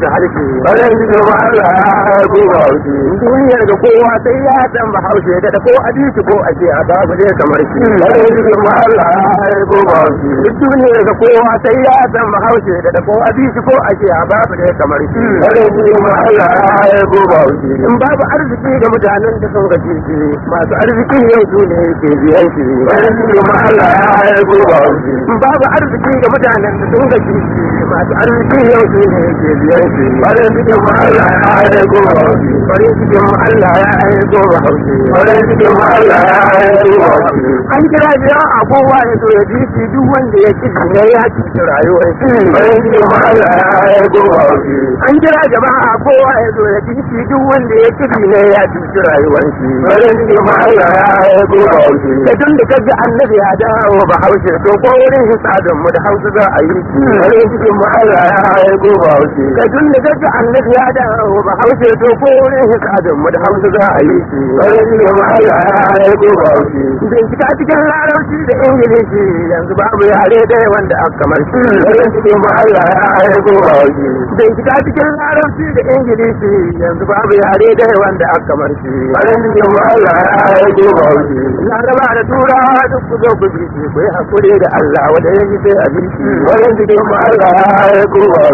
shaharki bayan gidan Allah ya ko bahaushe duniyar da kowa sai ya dan da ko adiki ko ake a babu dai kamar shi bayan gidan Allah ya ko bahaushe duniyar da kowa sai ya dan da ko adiki ko ake a babu dai kamar shi bayan gidan Allah ya ko bahaushe in babu arziki ga mutanen da sun gaji shi masu arziki yau su ne ke biyan shi bayan gidan Allah ya ko bahaushe in babu arziki ga mutanen da sun gaji shi masu arziki yau su ne ke biyan farin Allah ya Allah ya Allah ya an kira biya a kowa ya zo ya ji duk wanda ya ci ne ya ci rayuwar Allah ya an kira jama'a kowa ya zo ya ji duk wanda ya ci ne ya ci rayuwar Allah ya da tun da kaga annabi ya dawo ba haushi to ko wurin hisadin mu da hausa za a yi farin Allah ya tun da daga annabi ya da ba haushe to ko wurin hisabin mu da hausa za a yi shi bari ne ma Allah ya aiko ba shi bincika cikin larabci da ingilishi yanzu babu yare dai wanda a kamar shi bari ne ma Allah ya aiko ba shi bincika cikin larabci da ingilishi yanzu babu yare dai wanda a kamar shi bari ne ma Allah ya aiko ba shi laraba da turawa duk ku zo ku bincike ku yi hakuri da Allah wanda yake sai a bi shi. ne ma Allah ya aiko ba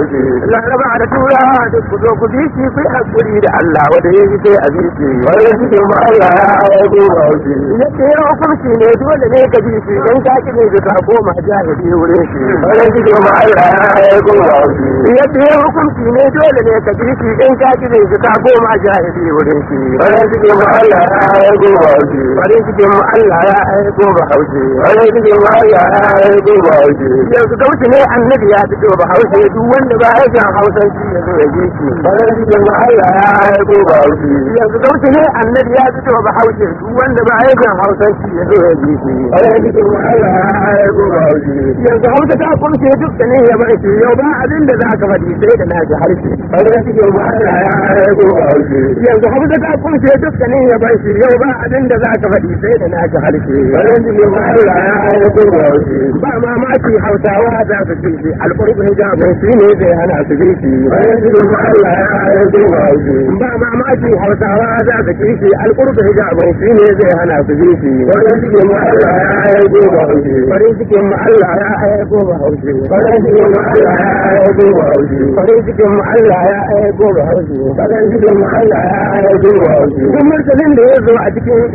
laraba da turawa da ku zo ku ji shi ku hakuri da Allah wanda ya yi sai a bi wanda shi ke ma Allah ya aiko ba shi ya ce ya hukunci ne dole ne ka ji shi dan ka ki ne ka koma jahili wurin shi wanda shi ke ma Allah ya aiko ba shi ya ce ya hukunci ne dole ne ka ji shi dan ka ki ne ka koma jahili wurin shi wanda shi ke ma Allah ya aiko ba shi wanda shi ke ma Allah ya aiko ba shi wanda shi ke ma Allah ya aiko ba shi yanzu dauki ne annabi ya fito ba hausa duk wanda ba ya san hausa faranci ya zo ya ji shi faranci da Allah ya aiko ba haushi yanzu dauki ne annabi ya fito ba haushi duk wanda ba aiko hausanci ya zo ya ji shi faranci da Allah ya aiko ba haushi yanzu hausa ta kurce duk ne ya bar shi yau ba abin da za ka faɗi sai da naji harshe faranci da Allah ya aiko ba haushi yanzu hausa ta kurce duk ne ya bar yau ba abin da za ka faɗi sai da naji harshe faranci da Allah ya aiko ba haushi ba mamaki hausawa za su ce shi alƙur'ani shi ne zai hana su girki ba mamaki hausawa za su kishi alƙurba hijaban shi ne zai hana su kishi farin cikin mu Allah ya aiko haushi farin cikin mu Allah ya aiko haushi farin cikin mu Allah ya aiko haushi farin cikin mu Allah ya aiko haushi farin cikin mu Allah ya aiko haushi duk mursalin da ya zo a cikin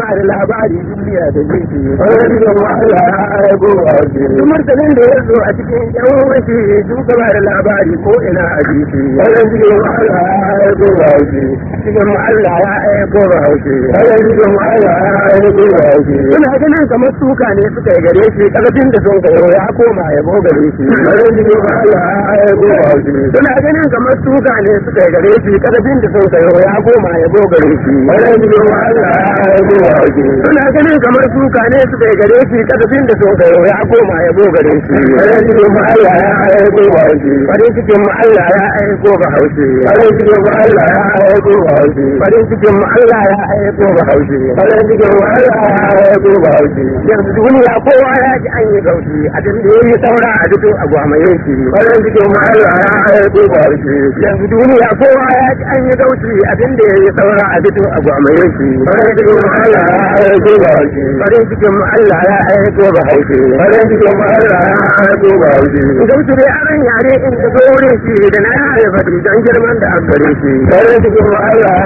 ba da labari duniya da kishi farin cikin mu Allah ya aiko ba haushi duk mursalin da ya zo a cikin ƴan uwan shi su ka ba da labari ko ina a jiki wannan cikin Allah ya aiko ba haushi cikin Allah ya aiko ba haushi wannan Allah ya aiko ba haushi suna ganin kamar suka ne suka yi gare shi karfin da sun kayo ya koma ya gare shi wannan Allah ya aiko ba haushi suna ganin kamar suka ne suka yi gare shi karfin da sun kayo ya koma ya bo gare shi wannan cikin Allah ya aiko ba haushi suna ganin kamar suka ne suka yi gare shi karfin da sun kayo ya koma ya bo gare shi wannan Allah ya aiko ba haushi farin cikin mu Allah ya aiko ga haushi farin cikin mu Allah ya aiko ga haushi farin cikin mu Allah ya aiko ga haushi farin cikin mu Allah ya aiko ga haushi yanzu duniya kowa ya ji an yi gaushi abin da yayi saura a duk a gwamaye shi farin cikin mu Allah ya aiko ga haushi yanzu duniya kowa ya ji an yi gaushi abin da yayi saura a duk a gwamaye shi farin cikin mu Allah ya aiko ga haushi farin cikin mu Allah ya aiko ga haushi farin cikin mu Allah ya aiko ga haushi gaushi dai aran yare in da shi da na da yare da da na shi zai faɗi don girman da shi Allah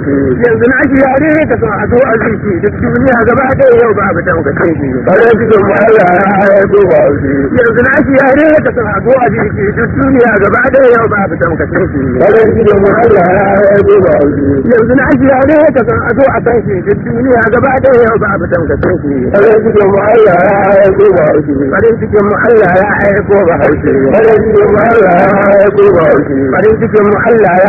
yanzu na shi yare da son a zo a duk duniya yau ba shi Allah ya duba shi yanzu na shi yare da a zo a yau ba abu shi Allah ya duba shi yanzu na shi yare da son a zo a san shi duk duniya gaba da yau ba a fitan ka san cikin mu Allah ya ba haushi cikin mu Allah ya ba haushi cikin mu Allah ya ba haushi cikin mu Allah ya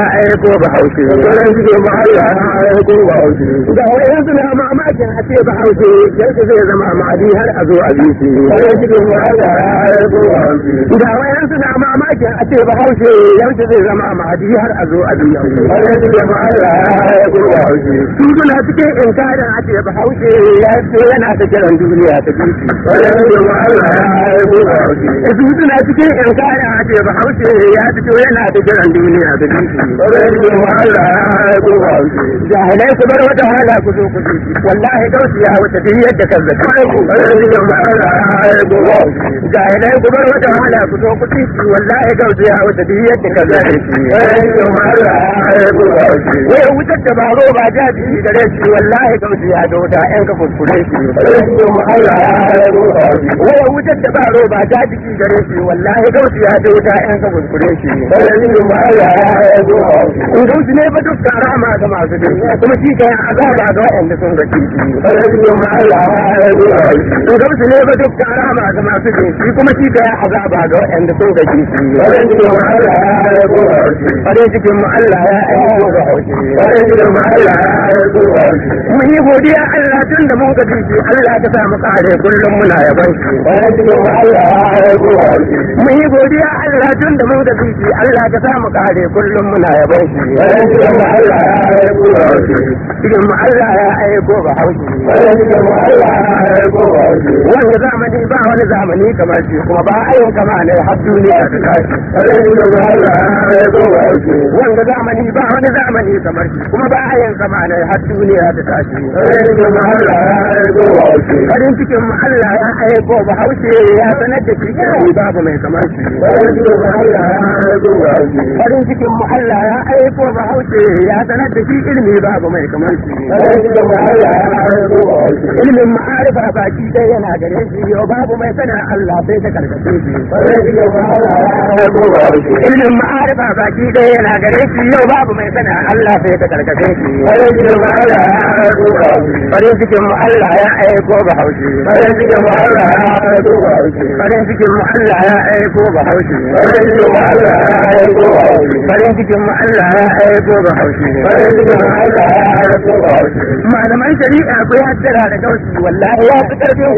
ba haushi cikin mu Allah ya ba haushi suna mamakin a ce ba haushi yanzu zai zama ma'adi har a zo a shi cikin mu Allah ya ba haushi suna mamakin a ce ba haushi yanzu zai zama ma'adi har a zo a shi cikin mu Allah ya ba haushi cikin inkarin ce ba haushe ya yana ta kiran duniya ta suna cikin kaya ba haushe yana ta kiran duniya ta jahilai ku bar wata hala ku zo ku wallahi dausi ya wuce duk yadda kan zaka jahilai ku bar wata hala ku zo ku wallahi dausi ya wuce duk yadda kan zaka wai wutar da ba gare shi wallahi dausi biya yan ka kuskure shi waya wutar da ba roba ta jiki gare shi wallahi ya yan ka kuskure shi in ne ba dukkan rahama ga masu bin kuma shi azaba ga wa'anda sun ga kiki in ne ba ga masu shi kuma shi azaba ga wa'anda sun ga kiki farin cikin mu Allah ya hauki farin cikin mu Allah ya hauki godiya Allah tun da mun gaji shi Allah ta sa mu kare kullum muna yaban shi mun yi godiya Allah tun da mun gaji shi Allah ta sa mu kare kullum muna yaban shi cikin mu Allah ya aiko ba haushi wanda zamani ba wani zamani kamar shi kuma ba ayin kama ne har duniya ta tashi wanda zamani ba wani zamani kamar shi kuma ba ayin kama ne har duniya ta tashi farin cikin Allah ya aiko ba haushe ya sanar da shi babu mai kamar shi farin cikin Allah ya ba haushe ya sanar da gare shi yau babu mai sana Allah sai ta karkace shi farin cikin mu Allah ya aiko ba haushi farin cikin mu Allah ya aiko ba haushi farin cikin mu Allah ya aiko ba haushi farin cikin mu Allah ya aiko ba haushi farin cikin mu Allah ya aiko ba haushi farin cikin mu Allah ya aiko ba haushi malaman shari'a ko ya tsara da gausi wallahi ya fi karfin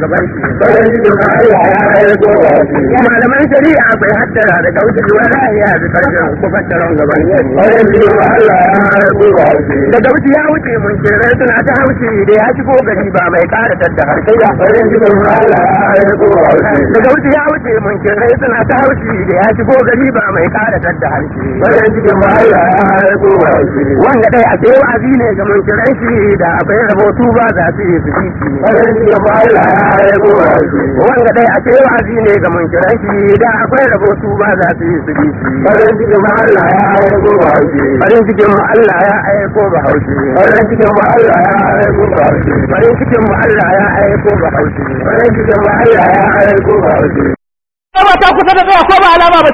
gaban shi farin cikin mu Allah ya aiko ba haushi malaman shari'a ko ya tsara da gausi wallahi ya fi karfin gaban shi farin cikin mu Allah ya aiko ba haushi da gausi ya wuce mun gwamnati ta haushi da ya shigo gari ba mai kara tadda harkai ya farin jikin mala daga wuce ya wuce mun kirai suna ta haushi da ya shigo gari ba mai ƙara tadda harkai ya jikin mala wanda dai a sai wa'azi ne ga mun kirai shi da akwai rabotu ba za su yi su fiki farin jikin mala wanda dai a sai wa'azi ne ga mun kirai shi da akwai rabotu ba za su yi su fiki farin jikin mala ya ko ba haushi farin jikin mala ya ba ya aiko ba ya aiko ba haushi ya aiko ba haushi da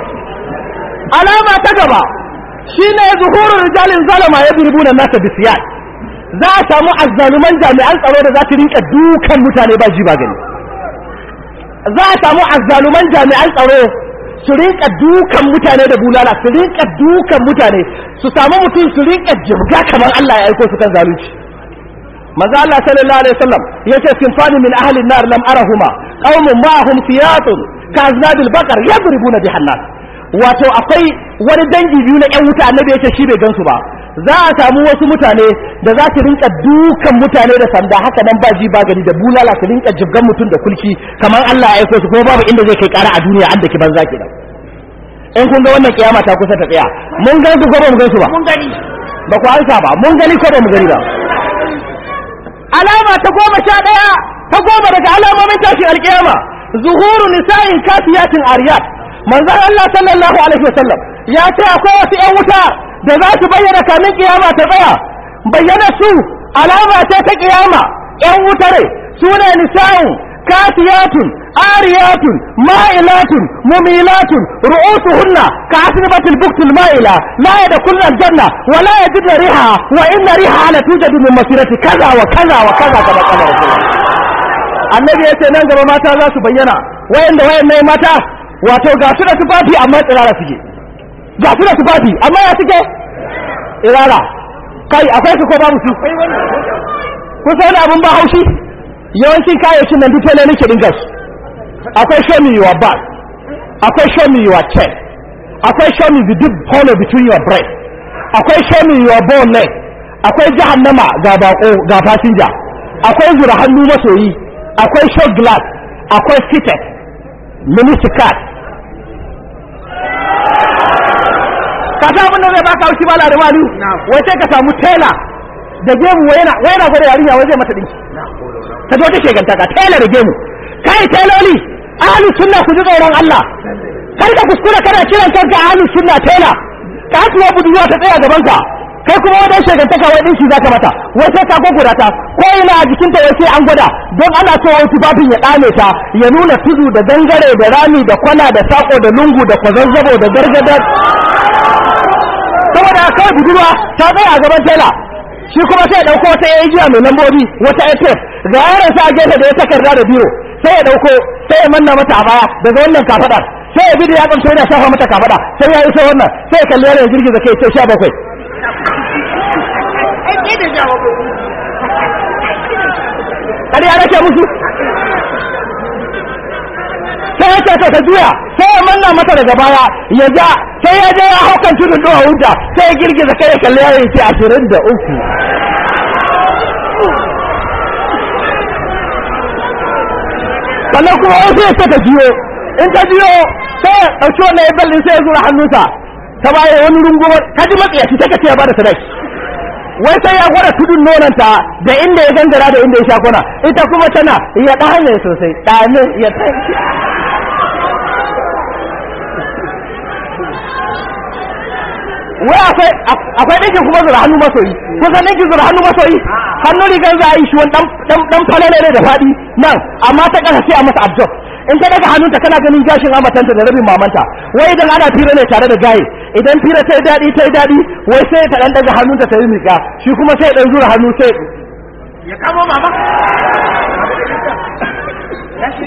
alama ta gaba
shine zuhurul rijalin zalama yadribuna nasa bisiyan za a samu azzaluman jami'an tsaro da za su rinka dukan mutane ba ji ba gani za a samu azzaluman jami'an tsaro su rinka dukan mutane da bulala su rinka dukan mutane su samu mutum su rinka jirga kamar Allah ya aiko su kan zalunci Maza Allah sallallahu alaihi wasallam yace sinfani min ahli an-nar lam arahuma qaumun ma'ahum siyatun kaznabil baqar yadribuna bihannas wato akwai wani dangi biyu na 'yan wuta annabi yace shi bai gansu ba za a samu wasu mutane da za su rinka dukan mutane da sanda haka nan ba ji ba gani da bulala su rinka jibgan mutum da kulki kamar Allah ya aiko su kuma babu inda zai kai kara a duniya an da ki banza in kun ga wannan kiyama ta kusa ta tsaya mun gani ko ba mu gani su ba mun gani ba ku ansa ba mun gani ko ba mu gani ba alama ta goma sha ɗaya ta goma daga alamomin tashin alƙiyama zuhuru nisa'in kafiyatin ariyat manzon Allah sallallahu alaihi wasallam ya ce akwai wasu ƴan wuta da za su bayyana kamin kiyama ta tsaya bayyana su alama ce ta kiyama ƴan wuta ne su ne nisa'in Kasiyatun ariyatun ma'ilatun mumilatun ru'utuhunna ka asibatil buktul ma'ila la yada kullal janna wa la yajidu riha wa inna riha la tujadu min masirati kaza wa kaza wa kaza kaza kaza annabi yace nan gaba mata za su bayyana wayan da wayanda wayanne mata wato ga su da tufafi amma tsirara suke ga su da tufafi amma ya suke tsirara kai akwai su ko ba musu kusa yana abun ba haushi yawancin kayayyakin nan duk ne nake dinga su akwai show me your back akwai show me your chest akwai show me the deep hole between your breast akwai show me your bone leg akwai jahannama ga bako oh, ga fasinja akwai zura hannu masoyi akwai show glass akwai fitted minister card ka ta abin da zai baka wuce bala da malu wai sai ka samu tela da gebu wai yana gwada yarinya wai zai mata dinki ta zo ta shegantaka ta yana rage mu kai tailori ahlus sunna ku ji tsoron Allah kar ka kuskura kana kiran kanka ahlus sunna tela. ka hasuwa budurwa ta tsaya gaban ka kai kuma wajen shegantaka wai dinki zaka mata wai sai ka gogura ta ko ina a jikin ta sai an gwada don ana so wani tufafin ya dame ta ya nuna tudu da dangare da rami da kwana da sako da lungu da kwazazzabo da gargadar saboda kawai budurwa ta tsaya a gaban tela shi kuma sai ya dauko wata ajiya mai lambobi wata ff ga yaron sa gefe da ya takarda da biro sai ya dauko sai ya manna mata a baya daga wannan kafada sai ya bi da ya kamta yana shafa mata kafada sai ya iso wannan sai ya kalli yaron girgiza kai sai sha bakwai ya nake musu sai ya ta juya sai ya manna mata daga baya ya ja sai ya je ya haukan tudun doha hujja sai ya girgiza kai ya kalli yayin ce ashirin da uku sannan kuma wasu ya ta juyo in ta juyo sai ya ɗauki wannan ya sai ya zura hannunsa ta baya wani rungumar ta ji matsayaci take ce ya bada sadaki wai sai ya gwada tudun nonanta da inda ya gangara da inda ya sha ita kuma tana ya ɗane sosai ɗane ya tsanki wai akwai akwai dinkin kuma zura hannu masoyi ko san dinkin zura hannu masoyi hannu rigar za a yi shi wani dan falale ne da faɗi nan amma ta ƙasa sai a masa abjob in ta daga hannunta kana ganin gashin amatanta da rabin mamanta wai idan ana fira ne tare da gaye idan fira ta yi daɗi ta yi daɗi wai sai ta ɗan daga hannunta ta yi miƙa shi kuma sai ɗan zura hannu sai
ya kamo mama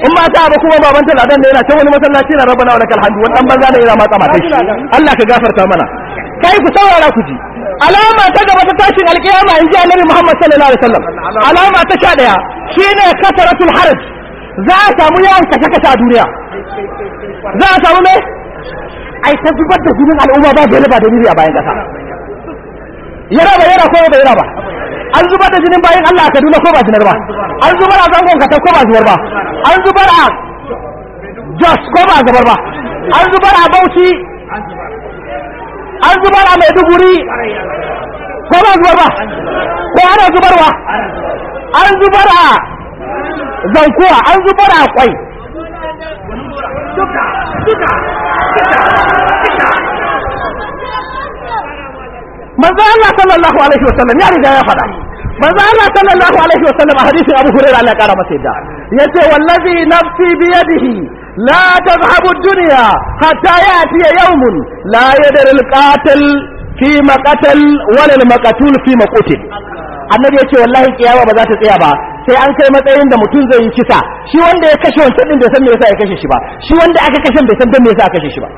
in ba ta
ba kuma baban ta da yana ta wani masallaci na rabana wa lakal hamdu wani dan banza ne yana matsa mata shi Allah ka gafarta mana kai ku saurara ku ji alama ta gaba ta tashin alkiyama in ji annabi Muhammad sallallahu alaihi wasallam alama ta sha daya shine kasaratul haraj za a samu yawan kashe kashe a duniya za a samu me ai ta zubar da jinin al'umma ba da ba da a bayan kasa
yara ba yara ko ba
yara ba an zubar da jinin bayan Allah a Kaduna ko ba jinar ba an zubar a zangon kasa ko ba zubar ba an zubar a Jos ko ba zubar ba an zubar a Bauchi an zubar a maiduguri ko ba zubar ba ko ana zubarwa an zubar a zankuwa an zubar a kwai manzo Allah sallallahu alaihi wasallam ya riga ya faɗa manzo Allah sallallahu alaihi wasallam a hadisin Abu Hurairah Allah ya kara masa yadda yace wallazi nafsi biyadihi la tadhhabu ad-dunya hatta yati yawmun la yadri al-qatil fi annabi yace wallahi kiyama ba za ta tsaya ba sai an kai matsayin da mutum zai yi kisa shi wanda ya kashe wancan din bai san me yasa ya kashe shi ba shi wanda aka kashe bai san dan me yasa aka kashe shi ba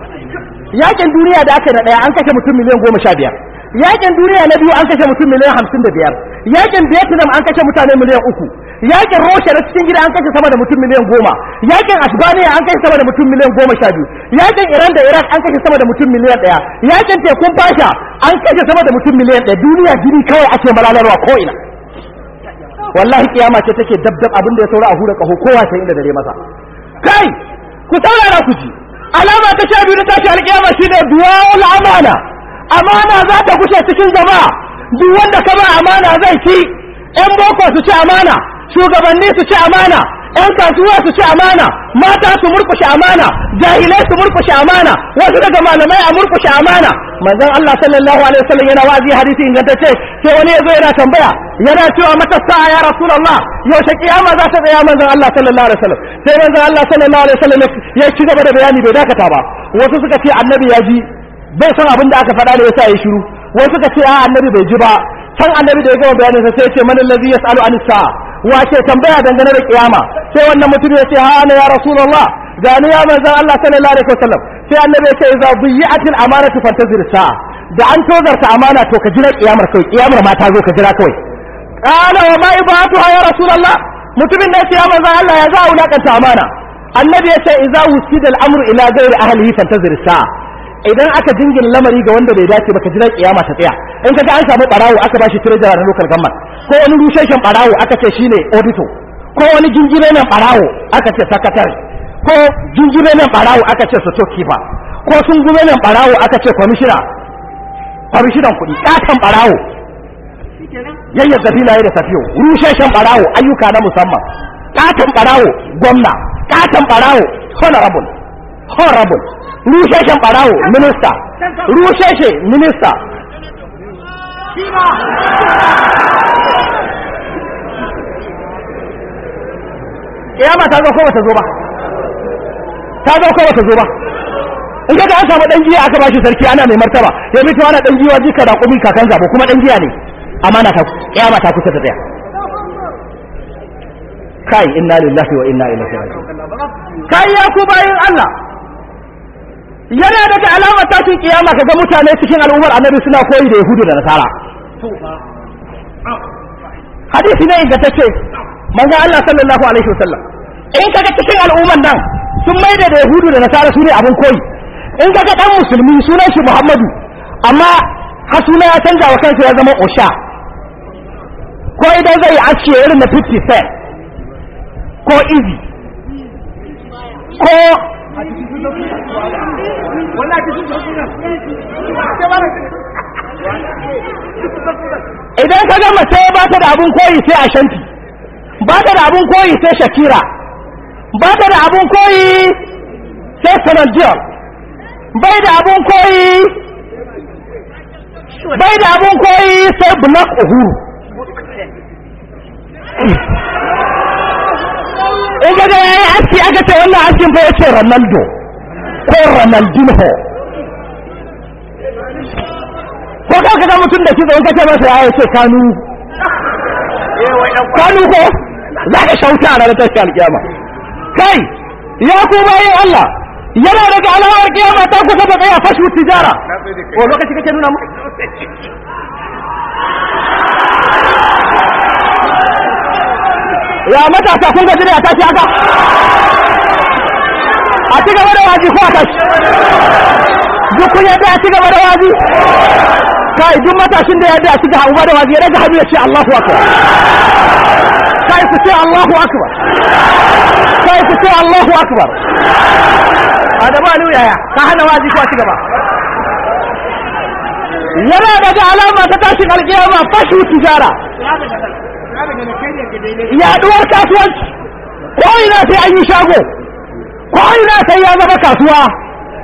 yakin duniya da aka na daya an kashe mutum miliyan goma sha biyar yakin duniya na biyu an kashe mutum miliyan hamsin da biyar yakin vietnam an kashe mutane miliyan uku yakin rosha na cikin gida an kashe sama da mutum miliyan goma yakin ashbaniya an kashe sama da mutum miliyan goma sha biyu yakin iran da iraq an kashe sama da mutum miliyan ɗaya yakin tekun fasha an kashe sama da mutum miliyan ɗaya duniya jini kawai ake malalarwa ko ina wallahi kiyama ce take dabdab abin da ya saura a hura kaho kowa sai inda dare masa kai ku saurara ku ji alama ta sha biyu ta tashi alkiyama shine duwa amana amana za ta kushe cikin zama duk wanda ka ba amana zai ci ƴan boko su ci amana shugabanni su ci amana ƴan kasuwa su ci amana mata su murkushe amana jahilai su murkushe amana wasu daga malamai a murkushe amana manzon Allah sallallahu alaihi wasallam yana wazi hadisi ingantacce sai wani yazo yana tambaya yana cewa mata ya rasulullah yaushe kiyama za ta tsaya manzon Allah sallallahu alaihi wasallam sai manzon Allah sallallahu alaihi wasallam ya ci gaba da bayani bai dakata ba wasu suka ce annabi ya ji bai san abin da aka faɗa da yasa ya shiru wai suka ce a annabi bai ji ba can annabi da ya gama bayanin sa sai ya ce man allazi yasalu an sa wa ce tambaya dangane da kiyama sai wannan mutum ya ce ha ana ya rasulullah gani ya manzon Allah sallallahu alaihi wasallam sai annabi ya ce idza bi'atil amanatu fantazir sa da an tozar ta amana to ka jira kiyamar kai kiyamar ma ta zo ka jira kai qala wa ma ibatu ya rasulullah mutumin da ya ce Allah ya za a ta amana annabi ya ce idza wusida al-amru ila ghairi ahlihi fantazir sa' idan aka jingin lamari ga wanda bai dace ba ka jira kiyama ta tsaya in kaga an samu barawo aka bashi treasurer na local government ko wani rusheshen barawo aka ce shine auditor ko wani jingire nan barawo aka ce secretary ko jingire nan barawo aka ce storekeeper ko sun gume nan barawo aka ce commissioner commissioner kudi katan barawo yayya filaye da safiyo rusheshen barawo ayyuka na musamman katan barawo gwamna katan barawo honorable honorable rusheshen barawo minista rusheshe minista kiyama ta zo ko ta zo ba ta zo ko ta zo ba in ka an samu dan jiya aka bashi sarki ana mai martaba ya mutu ana dan giwa jika da kumi kakan zabo kuma dan jiya ne amana ta kiyama ta kusa ta tsaya kai inna lillahi wa inna ilaihi raji'un kai ya ku bayin Allah yana daga alamar tashin kiyama ga mutane cikin al'ummar annabi suna koyi da yahudu da nasara hadisi ne ingantacce manzo Allah sallallahu alaihi wasallam in kaga cikin al'ummar nan sun maida da yahudu da nasara su ne abin koyi in kaga dan musulmi sunan shi Muhammadu amma hasuna suna ya canza wa kansa ya zama Osha ko idan zai aske irin na 50 cent ko izi ko idan ka gama sai ba ta da abun koyi sai a shanti ba ta da abun koyi sai shakira ba ta da abun koyi sai sanadiyar bai da abun koyi bai da abun koyi sai bulak uhuru uga ga yayi aski aka ce wannan askin fa yace Ronaldo ko Ronaldinho ko ka ga mutum da kizo ka ce masa ya yace kanu kanu ko za ka shauta a ranar tashi alkiyama kai ya ku bayan Allah
yana daga alawar kiyama ta kusa da tsaya fashu tijara ko lokaci
kake nuna mu ya matasa kun gaji da ya tashi haka a ci gaba da wazi ko a tashi duk kun yadda a ci gaba da wazi kai duk matashin da yadda a ci gaba da wazi ya daga hannu ya ce Allahu akbar kai ku ce Allahu akbar kai ku ce Allahu akbar Adamu Aliyu yaya ka hana wazi ko a ci gaba
yana daga alama
ta tashin alƙiyama fashu tijara yaduwar kasuwanci ko ina sai an yi shago ko ina sai ya zama kasuwa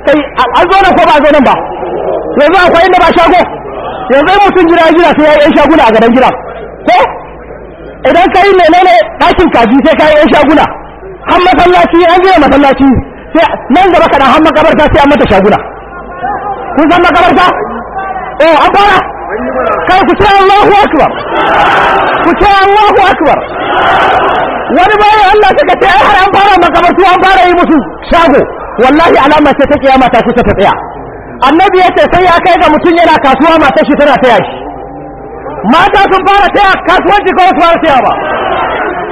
sai an zo na ko ba zo nan ba yanzu akwai inda ba shago yanzu mutum gida gida sai ya yi shaguna a gadon gida ko idan ka yi menene ɗakin kaji sai ka yi yan shaguna har masallaci an zai masallaci sai nan gaba kaɗan har makabarta sai an mata shaguna kun san makabarta eh an fara kai ku ce Allahu akbar ku ce Allahu akbar wani bayan Allah ta kace ai har an fara makabartu an fara yi musu shago wallahi alama ce ta kiyama ta kusa ta tsaya annabi ya sai ya kai ga mutum yana kasuwa matar shi tana taya shi mata sun fara taya kasuwanci kawai su fara taya ba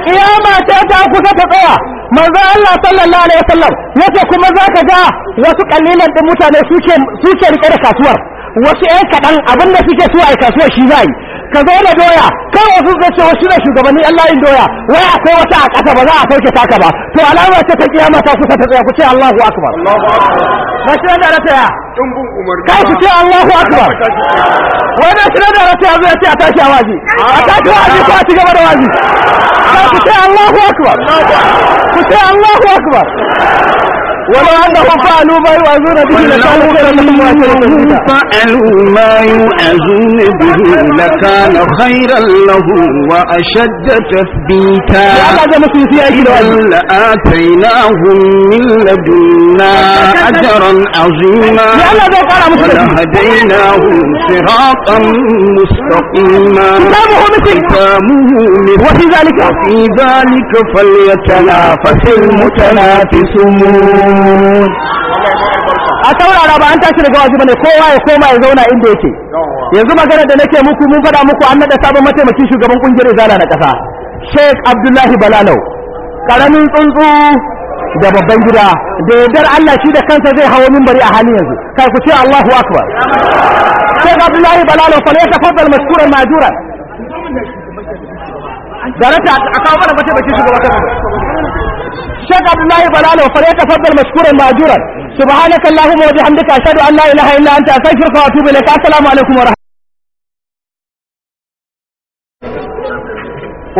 kiyama ta ta kusa ta tsaya manzo Allah sallallahu alaihi wasallam yace kuma zaka ga wasu kalilan din mutane suke suke rike da kasuwar wasu ƴan kaɗan abin da suke so a kasuwar shi za yi ka zo da doya kai wasu zai ce wasu da shugabanni Allah yin doya wai akwai wata a ƙasa ba za a sauke taka ba to alamar ta ta kiyama ta kusa ta tsaya ku ce Allahu
akbar ba
shi da rata ya
kai ku ce Allahu akbar
wai da shi da rata ya zai ce a tashi a wazi
a tashi wazi
ko a ci gaba da wazi kai ku ce Allahu akbar ku ce Allahu akbar ولو أنهم فعلوا ما يؤذون به لكان خيرا لهم وأجرا فعلوا ما يؤذون به لكان خيرا لهم وأشد تثبيتا إذا لآتيناهم من لدنا أجرا عظيما ولهديناهم صراطا مستقيما ختامه وفي ذلك وفي ذلك فليتنافس المتنافسون a taurara ba an tashi daga wajibi ne kowa ya koma ya zauna inda yake yanzu magana da nake muku mun faɗa muku an naɗa sabon mataimakin shugaban kungiyar zala na ƙasa sheikh abdullahi balalau ƙaramin tsuntsu da babban gida da yardar Allah shi da kansa zai hawo mimbari a halin yanzu kai ku ce Allahu akbar
sheikh abdullahi balalau fa laysa fadal mashkuran majuran da a
kawo mana mataimakin shugaban kasa شيخ عبد الله بلاله فليتفضل مشكورا ماجورا
سبحانك اللهم وبحمدك اشهد ان لا اله الا انت استغفرك واتوب اليك السلام عليكم ورحمه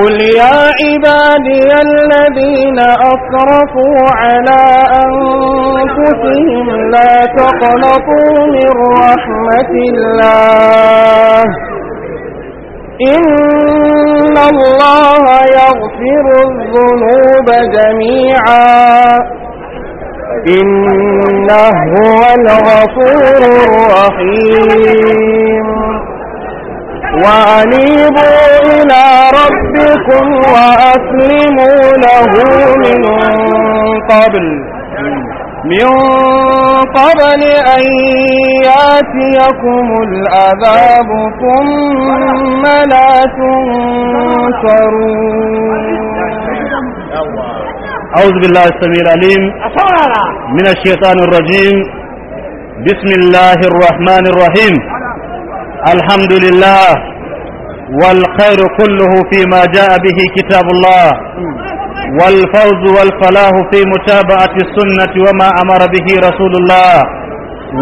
قل يا عبادي الذين أسرفوا على أنفسهم لا تقنطوا من رحمة الله إن إن الله يغفر الذنوب جميعا إنه هو الغفور الرحيم وأنيبوا إلى ربكم
وأسلموا له من قبل من قبل أن ياتيكم العذاب
ثم لا تنصرون
أعوذ بالله السميع العليم من الشيطان الرجيم بسم الله الرحمن الرحيم الحمد لله والخير كله فيما جاء به كتاب الله والفوز والفلاح في متابعة السنة وما أمر به رسول الله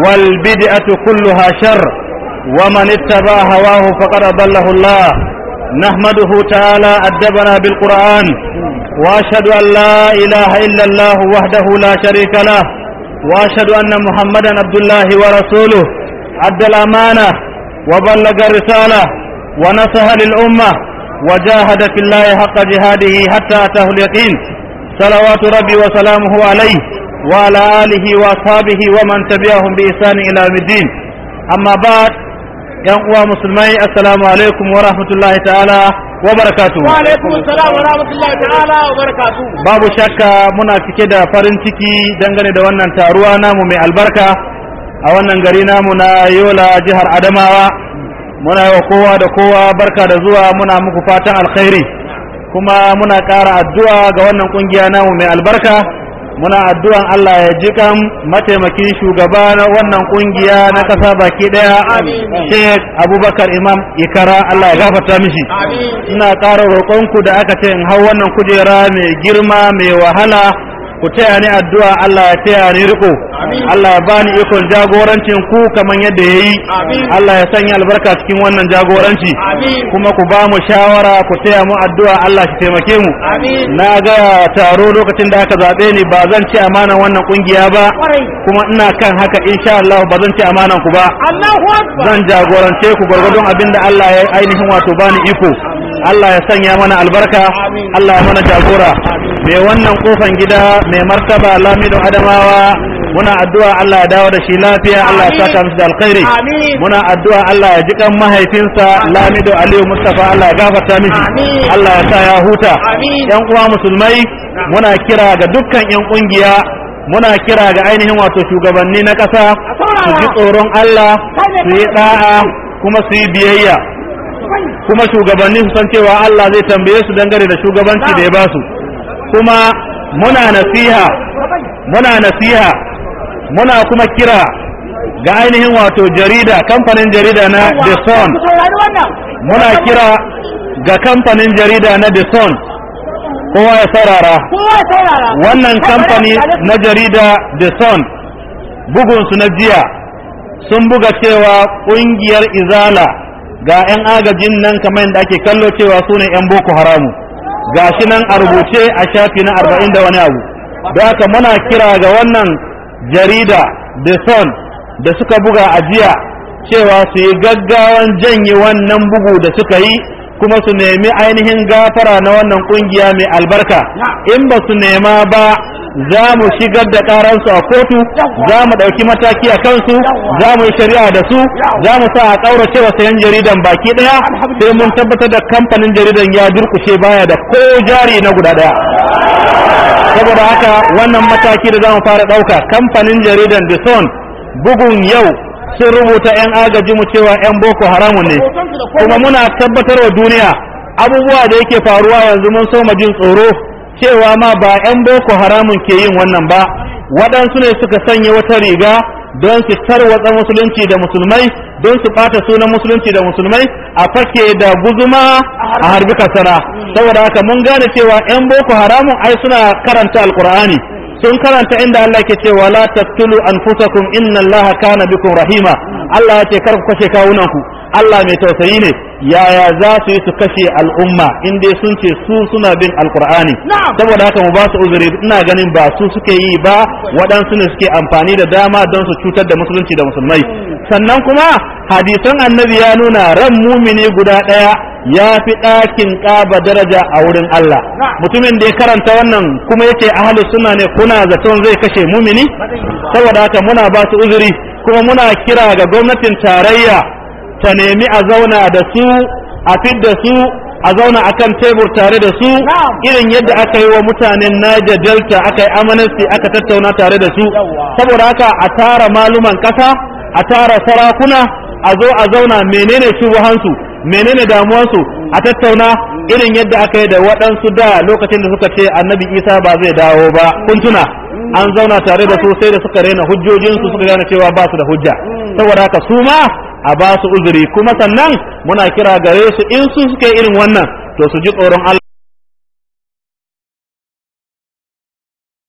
والبدعة كلها شر ومن اتبع هواه فقد أضله الله نحمده تعالى أدبنا بالقرآن وأشهد أن لا إله إلا الله وحده لا شريك له وأشهد أن محمدا عبد الله ورسوله أدى الأمانة وبلغ الرسالة ونصح للأمة وجاهد في الله حق جهاده حتى أتاه اليقين صلوات ربي وسلامه عليه وعلى آله وأصحابه ومن تبعهم بإحسان إلى يوم الدين أما بعد يا مسلمي السلام عليكم ورحمة الله تعالى وبركاته وعليكم السلام
ورحمة الله تعالى وبركاته
باب شك منا كده فرنتكي دنگني da wannan taruwa namu mai albarka a wannan gari namu na Yola jihar Adamawa muna yi wa kowa da kowa barka da zuwa muna muku fatan alkhairi kuma muna ƙara addu'a ga wannan ƙungiya namu mai albarka muna addu'an Allah ya ji kan mataimakin shugaba na wannan kungiya na ƙasa baki ɗaya Sheikh Abubakar Imam Ikara Allah ya gafarta mishi ina ƙara roƙonku da aka ce in hau wannan kujera mai girma mai wahala ku taya ni addu'a Allah ya taya ni riko Allah ya bani ikon jagorancin ku kaman yadda ya yi Allah ya sanya albarka cikin wannan jagoranci kuma ku ba mu shawara ku taya mu addu'a Allah shi taimake mu na ga taro lokacin da aka zaɓe ni ba zan ci amanar wannan kungiya ba kuma ina kan haka insha Allah ba zan ci amana ku ba zan jagorance ku gwargwadon abin da Allah ya ainihin wato bani iko Allah ya sanya mana albarka Allah ya mana jagora mai wannan kofan gida mai martaba lamido adamawa muna addu'a Allah ya dawo da shi lafiya Allah ya saka mishi da alkhairi muna addu'a Allah ya jikan mahaifinsa lamido aliyu mustafa Allah ya gafarta mishi Allah ya sa ya huta yan uwa musulmai muna kira ga dukkan yan kungiya muna kira ga ainihin wato shugabanni na ƙasa su ji tsoron Allah su yi da'a kuma su yi biyayya kuma shugabanni su san cewa Allah zai tambaye su dangane da shugabanci da ya basu kuma muna nasiha muna nasiha muna kuma kira ga ainihin wato jarida kamfanin jarida na The Sun muna kira ga kamfanin jarida na The Sun kowa ya saurara
wannan kamfani na
jarida The Sun bugunsu na jiya sun buga cewa ƙungiyar izala ga 'yan agajin nan kamar yadda ake kallo cewa su ne 'yan boko haramu Ga shi nan a rubuce a shafi na arba'in da wani abu da aka muna kira ga wannan jarida the sun da suka buga a jiya cewa su yi gaggawan janye wannan bugu da suka yi kuma su nemi ainihin gafara na wannan kungiya mai albarka in ba su nema ba za mu shigar da karansu a kotu za mu ɗauki mataki a kansu za mu yi shari'a da su za mu sa a ƙaurace wa sayan jaridan baki ɗaya sai mun tabbatar da kamfanin jaridan ya durkushe baya da ko jari na guda ɗaya saboda haka wannan mataki da za mu fara ɗauka kamfanin jaridan Sun, bugun yau sun rubuta 'yan agaji mu cewa 'yan boko haramun ne kuma muna tabbatar wa duniya abubuwa da yake faruwa yanzu mun so jin tsoro cewa ma ba 'yan boko haramun ke yin wannan ba waɗansu ne suka sanya wata riga don su tarwatsa musulunci da musulmai don su ɓata sunan musulunci da musulmai a fake da guzuma a harbi kasara saboda haka mun gane cewa 'yan boko haramun ai suna karanta alkur'ani sun karanta inda Allah ke cewa la taqtulu anfusakum inna Allah kana bikum rahima Allah ya ce kar ku kashe kawunanku Allah mai tausayi ne yaya za su yi su kashe al'umma in dai sun ce su suna bin alkur'ani saboda haka mu ba su uzuri ina ganin ba su suke yi ba waɗansu ne suke amfani da dama don su cutar da musulunci da musulmai sannan kuma hadisan annabi ya nuna ran mumini guda ɗaya ya fi ɗakin ƙaba daraja a wurin Allah mutumin da ya karanta wannan kuma yake ahli suna ne kuna zaton zai kashe mumini saboda haka muna ba su uzuri kuma muna kira ga gwamnatin tarayya ta nemi a zauna da su a fid da su a zauna akan tebur tare da su irin yadda aka yi wa mutanen naja Delta aka yi amanasti aka tattauna tare da su saboda haka a tara maluman kasa a tara sarakuna a zo a zauna menene shubuhansu menene damuwansu a tattauna irin yadda aka yi da waɗansu da lokacin da suka ce annabi isa ba zai dawo ba kuntuna an zauna tare da su sai da suka rena hujjojinsu suka gane cewa ba su da hujja mm. saboda haka su ma a ba su uzuri kuma
sannan muna kira gare su in su suke irin wannan to su ji tsoron Allah